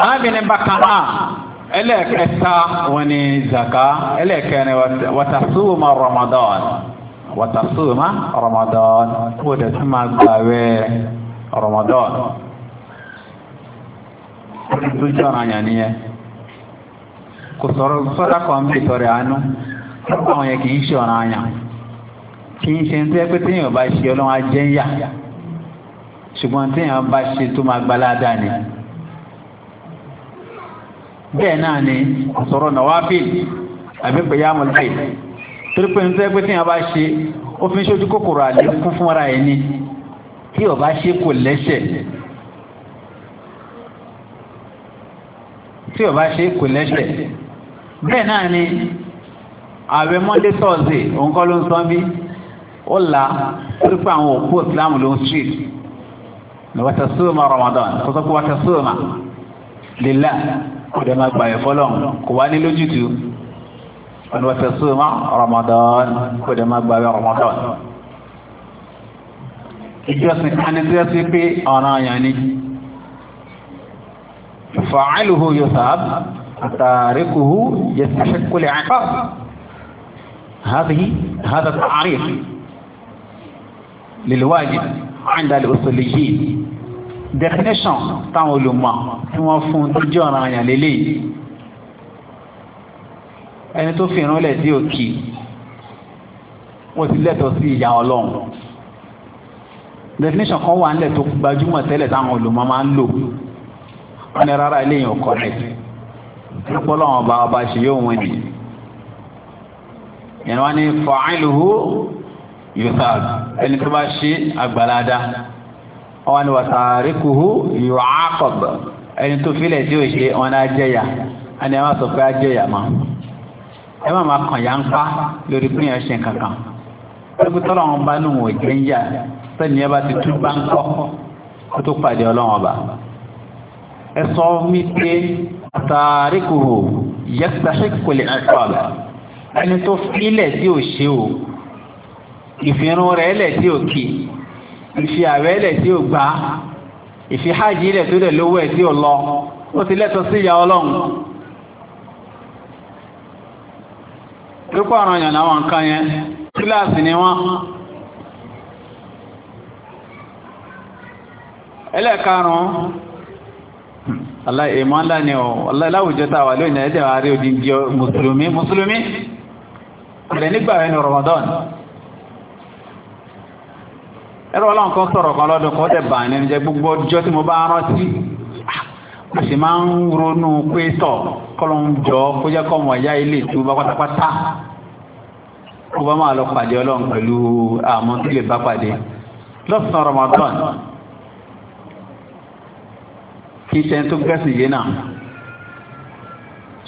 arábìnrin bákan náà ẹlẹ́ẹ̀kẹta wọn ni zaka ẹlẹ́ẹ̀kẹrin watasuma ramadan watasuma ramadan kó dẹ̀ tún máa gbààwẹ̀ ramadan tó jọra yàn nìyẹn kò sọ̀rọ̀ sọ́dá kan bí tọrẹ àánú àwọn yẹn kì í ṣe ọ̀ràn àyàn kì í ṣe ń tẹ́ pé téèyàn bá ṣe ọlọ́run ajẹ́ ń yà ṣùgbọ́n téèyàn bá ṣe tó máa gbalá dáa ni bẹ́ẹ̀ náà ni ọ̀sọ̀rọ̀ nàwáfíl àbí pẹ̀yàmù láì torípé ní sẹ́gbẹ́ tí a bá ṣe ó fi ń ṣojú kòkòrò àlékún fún ara ẹni tí ó bá ṣe kò lẹ́ṣẹ̀ tí ó bá ṣe kò lẹ́ṣẹ̀ bẹ́ẹ̀ náà ni ààwẹ̀ monday thursday òun kọ́ ló ń sọ́n bí ó la torípé àwọn òkú islam ló ń street ní wàtà sóòmà ramadan kó sọ pé wàtà sóòmà lè la kò dẹ̀ máa gbàyẹ̀ fọ́lọ́run kò wá ní lójútu wọn wọ́n fẹ́ súnmọ́ Ramadan kò dẹ̀ máa gbàyẹ̀ Ramadan. ìjọsìn kání tí wọ́n ti pé ọ̀ràn àyàn ni fa'iluhu yusab àtàríkùhù yastahiqqu al-iqab هذه هذا التعريف للواجب عند الأصوليين definition táwọn olùmọ̀ tí wọ́n fún tó jẹ́ ọ̀ràn àyàn lélẹ́yìí ẹni tó fi ìrànlẹ̀ sí òkè wọ́n ti lẹ́tọ̀ọ́ sí ìyá ọlọ́run definition kan wà nílẹ̀ tó gbajúmọ̀ tẹ́lẹ̀ táwọn olùmọ̀ máa ń lò wọ́n ní rárá eléyìí ò correct lọ́pọ̀lọ́ àwọn ọba ọba ṣe yóò wọ́n ni ìrànwọ́ ni fa'iluhu yóò sáà ẹni tó bá ṣe àgbàládá ọwọ́n ni wàtàríkùhù yóò ákọ̀bọ̀ ẹni tó fílẹ̀ tí ó ṣe wọn ajẹ́yà a ni a máa sọ pé ajẹ́yà ma ẹ máa máa kànyà ń pa lórí pín ẹ̀ṣẹ̀ kankan lókè tọ́lọ̀ wọn bá nù wọ́n jẹ́ ń yà sẹ́ni ẹ bá ti tú bá ń kọ́ kó tó pàdé ọlọ́wọ́n ọba ẹ sọ mí pé wàtàríkùhù yẹ́sàkìkùlẹ̀ ẹ̀kọ́bẹ̀ ẹni tó fílẹ̀ tí ó ṣe ò ìfìrún rẹ̀ lẹ̀ tí ó kì í ìfi àwẹ̀ lẹ̀ tí ò gbà ìfi hajj lẹ̀ tó dẹ̀ lówó ẹ̀ tí ò lọ ó ti lẹ́tọ̀ọ́ sí ìyá ọlọ́run. pípọ̀ ọ̀ràn yàn láwọn nǹkan yẹn kíláàsì ni wọ́n. ẹlẹ́ẹ̀karùn-ún aláìmọ́ ńlá ni ọ̀ aláìláwùjọ tá a wà lónìí ẹ̀jẹ̀ wa rí odindi mùsùlùmí mùsùlùmí rẹ̀ nígbà rẹ̀ ní Ramadan ẹ̀rọ ọlọ́run kan sọ̀rọ̀ kan lọ́dún kan tẹ̀ bàánì ẹni jẹ gbogbo ọjọ́ tí mo bá rántí ah, mo sì máa ń ronú pé tọ̀ kọ́lọ́n jọ kó jẹ́ kọ́ mọ̀ ya ilé ìtura pátápátá kó bá máa lọ pàdé ọlọ́run pẹ̀lú àmọ́ ah, tó lè bá pàdé lọ́sàn Ramadan kì í ṣe tó gẹ́sì yé náà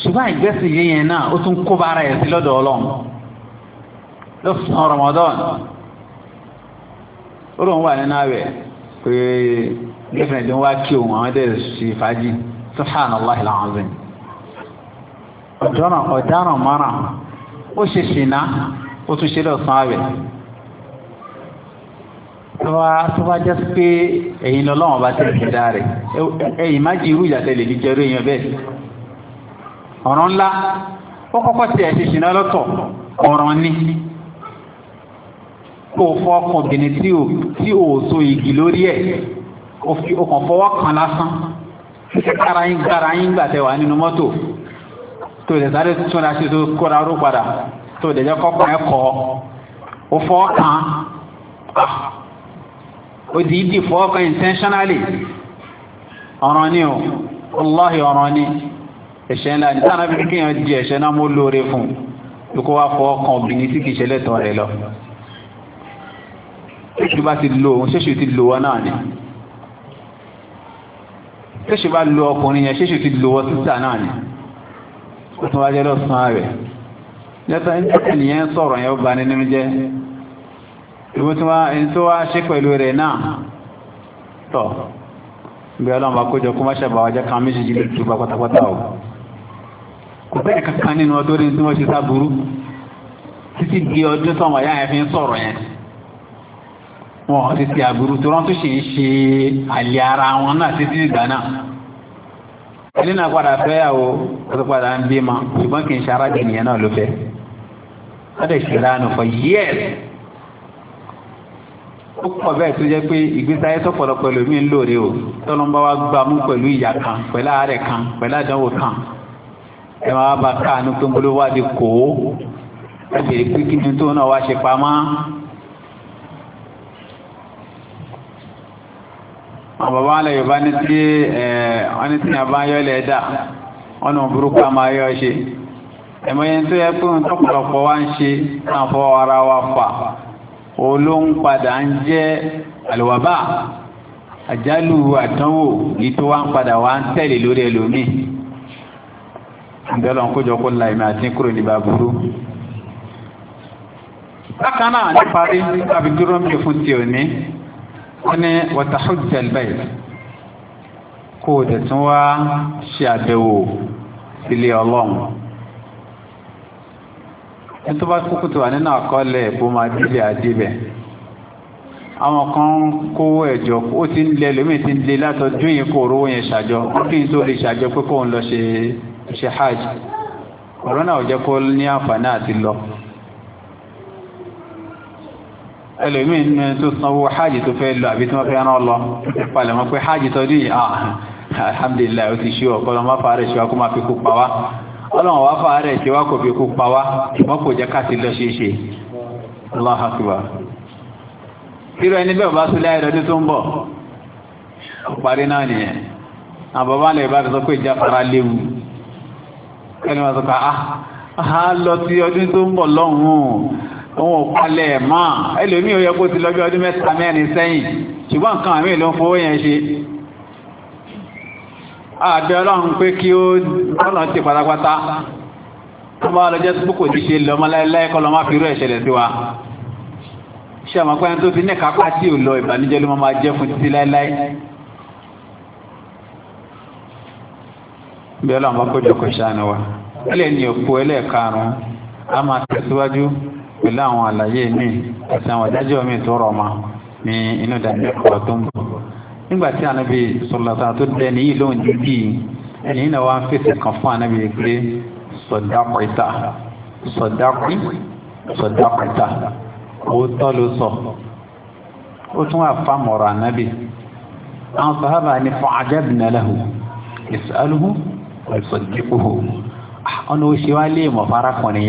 ṣùgbọ́n ìgbẹ́sì yé yẹn náà ó tún kó bára ẹ̀ sí lọ́dọ̀ ọlọ́run lọ́sàn Ramadan ó lóun wà nínú àwẹ̀ pé girlfriend ń wá kí òun àwọn dẹ̀ ṣe fàájì subhanallah alazim ọ̀dọ́nà ọ̀dáràn mọ́ra ó ṣe ṣìnà ó tún ṣe lọ́sàn àwẹ̀ tó bá jẹ́ pé ẹ̀yin lọ́lọ́wọ́n bá tẹ̀ ṣe dáa rẹ̀ ẹ̀yin má jí irú ìyàtẹ̀ lè fi jẹ́rú èèyàn bẹ́ẹ̀ ọ̀ràn ńlá ó kọ́kọ́ tiẹ̀ ṣe ṣìnà lọ́tọ̀ ọ̀ràn ni kó o fọ́ ọkàn gẹ̀ẹ́ni tí o tí o so igi lórí ẹ̀ o kàn fọwọ́ kan lásán kára yín gbára yín gbà tẹ wà nínú mọ́tò tó lè sáré tuntun la ṣe tó kóra ró padà tó lè jẹ́ kọ́kọ́ ẹ̀ kọ́ o fọ́ kan ah! o dì í fọ́ kan intentionally ọ̀ràn ni o wallahi ọ̀ràn ni ẹ̀ṣẹ̀ ńlá ní sáà náà fi kéèyàn di ẹ̀ṣẹ̀ náà mo lóore fún un kó wá fọ́ kan obìnrin tí kì í ṣẹlẹ̀ tán rẹ̀ lọ ṣéṣù bá ti lo òun ṣéṣù ti lo wọn náà ni ṣéṣù bá lo ọkùnrin yẹn ṣéṣù ti lo wọn títà náà ni ó tún wájẹ́ lọ́sàn-án rẹ̀ lẹ́tọ̀ ẹnìyẹn sọ̀rọ̀ yẹn ó bà ní nínú jẹ́ ìwọ́n tí wọ́n ẹni tó wá ṣe pẹ̀lú rẹ̀ náà tọ̀ bí ọlọ́run bá kójọ kó má ṣe àbáwájá kan méjèèjì lè túbà pátápátá o kò bẹ́ẹ̀ kankan nínú ọdún tí wọ́n ṣe sábúrú títí di ọdún sọ̀rọ̀ yẹn fi ń sọ̀rọ̀ yẹn wọn ti ti àbúrú tó rántí ṣe ń ṣe àlè ara wọn náà títí ìgbà náà ẹni náà padà fẹ́yàwó ó tó padà ń bí ma ṣùgbọ́n kì í ṣe arábìnrin nìyẹn náà ló fẹ́ ọdẹ ìṣẹ̀lánù for years ó pọ̀ bẹ́ẹ̀ tó jẹ́ pé ìgbésí ayé tọ́pọ̀lọpọ̀ lómi ń lòrè o tọ́lọ́ ń bá wa gbà mú pẹ̀lú ìyá kan pẹ̀lú àárẹ̀ kan pẹ̀lú àdánwò kan ẹ máa bá káànú àbàbá alẹ́ yorùbá ní tí ọ́nì tí a bá ń yọ́lẹ̀ ẹ̀dà ọ̀nà burúkú a máa yọ́ ṣe ẹ̀mọ̀yẹ tó yẹ pé ohun tọ́pọ̀lọpọ̀ wá ń ṣe náà fọ́ ara wa fà olóhun padà ń jẹ́ àlùwàbà àjálù àdánwò yìí tó wá ń padà wá ń tẹ̀lé lórí ẹlòmíì ìbẹ́lọ̀ kójọ kó la ìmọ̀ àti kúrò níbà burú bákan náà níparí tàbí dúró ń fún ti òní wọ́n ní wàtàhùjẹ bẹ́ẹ̀ kó o tẹ̀sán wá ṣe àbẹ̀wò ilé ọlọ́run ẹni tó bá kúkú tó wà nínú àkọọ́lẹ̀ bó máa délé àdébẹ̀ àwọn kan kówó ẹ̀jọ̀ ó ti ń lé lómi ti ń lé látọdún yìí kó orówó yẹn ṣàjọ wọ́n kì tó lè ṣàjọ pé kóun lọ ṣe ṣe hajj kòrónà ò jẹ́ kó ní àǹfààní àti lọ ẹlòmíín ní tó sanwó hajj tó fẹ́ lọ àbí tí wọ́n fẹ́ rán lọ palẹ̀ mọ́ pé hajj tọdún yìí ah alhamdulilayi o ti ṣe ọ̀pọ̀ lọ́mọ́ fà rẹ̀ ṣe wá kó máa fi kú pa wá ọlọ́run wá fà rẹ̀ ṣe wá kó fi kú pa wá ṣùgbọ́n kò jẹ́ káàtì lọ ṣe é ṣe Allahu òun ò palẹ̀ mọ́ ẹlòmíì ó yẹ kó ti lọ bí ọdún mẹ́ta mẹ́rin sẹ́yìn ṣùgbọ́n nǹkan àmì ló ń fowó yẹn ṣe àbẹ̀ ọlọ́run pé kí ó lọ́nà ti pátápátá tó bá lọ́jọ́ tó kò ti ṣe lọ́mọ láìláì kọ́ lọ́mọ fi rú ẹ̀ṣẹ̀lẹ̀ sí wa ṣe àmọ́ pé tó fi ní kápá tí ò lọ ìbànújẹ́ ló máa jẹ́ fún títí láìláì bí ọlọ́run bá kó jọ kò ṣàánú wa ẹlẹ́ni òpó ẹlẹ́ẹ̀karùn-ún a máa tẹ̀síwájú pẹ̀lú àwọn àlàyé mi àti àwọn ìdájọ́ mi tó rọ̀ ma ní inú ìdánilẹ́kọ̀ọ́ tó ń bọ̀. nígbà tí ànábì sọlọ́sà tó dẹ níyì lóhùn dídì ẹ̀yìn náà wá ń fèsì kan fún ànábì pé sọ̀dápẹ̀ta sọ̀dápẹ̀ sọ̀dápẹ̀ta òótọ́ ló sọ ó tún wà fámọ̀rọ̀ ànábì àwọn sàhábà ní fún ajẹ́bìnà ìsàlùhù ọ̀sọ̀dẹ́kùhù ọ̀nà òṣèwálé ìmọ̀ fárakùnrin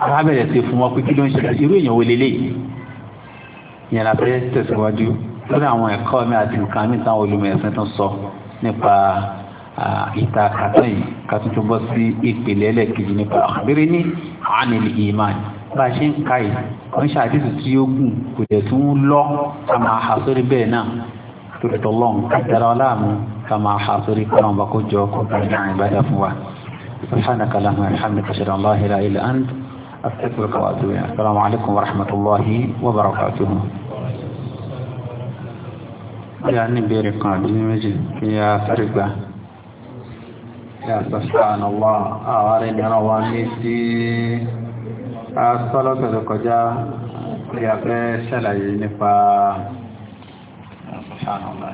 ara bẹ̀rẹ̀ sí fún wọn pé kí ló ń ṣẹlẹ̀ irú èèyàn wo leléyìí ìyẹn la fẹ́ tẹ̀síwájú lórí àwọn ẹ̀kọ́ mi àti nǹkan mi táwọn olùmọ̀ẹ̀sìn tó sọ nípa ìta kàtọ́ yìí ká tuntun bọ́ sí ìpìlẹ̀ ẹlẹ́kejì nípa àbẹ̀rẹ̀ ní àánìlì ìmáà bá a ṣe ń ka yìí wọ́n ṣe àdìsí tí ó gùn kò dẹ̀ tún lọ ká máa hà sórí bẹ́ẹ̀ náà torí tọ́lọ́n ká dára ká máa hà sórí kọ́nà ọba kó jọ kó bá a ní àyìnbá dà fún wa. سبحانك اللهم وبحمدك اشهد ان لا اله الا انت أستغفرك وأتوب إليك السلام عليكم ورحمة الله وبركاته ya ní ìbéèrè kan àbí ní méjì kí a sáré gbà ya sàfihàn ọlọ́ àwọn ará ìdáran wa ní tí a sọ́lọ́tọ̀ tó kọjá pé a fẹ́ ṣàlàyé nípa sàfihàn ọlọ́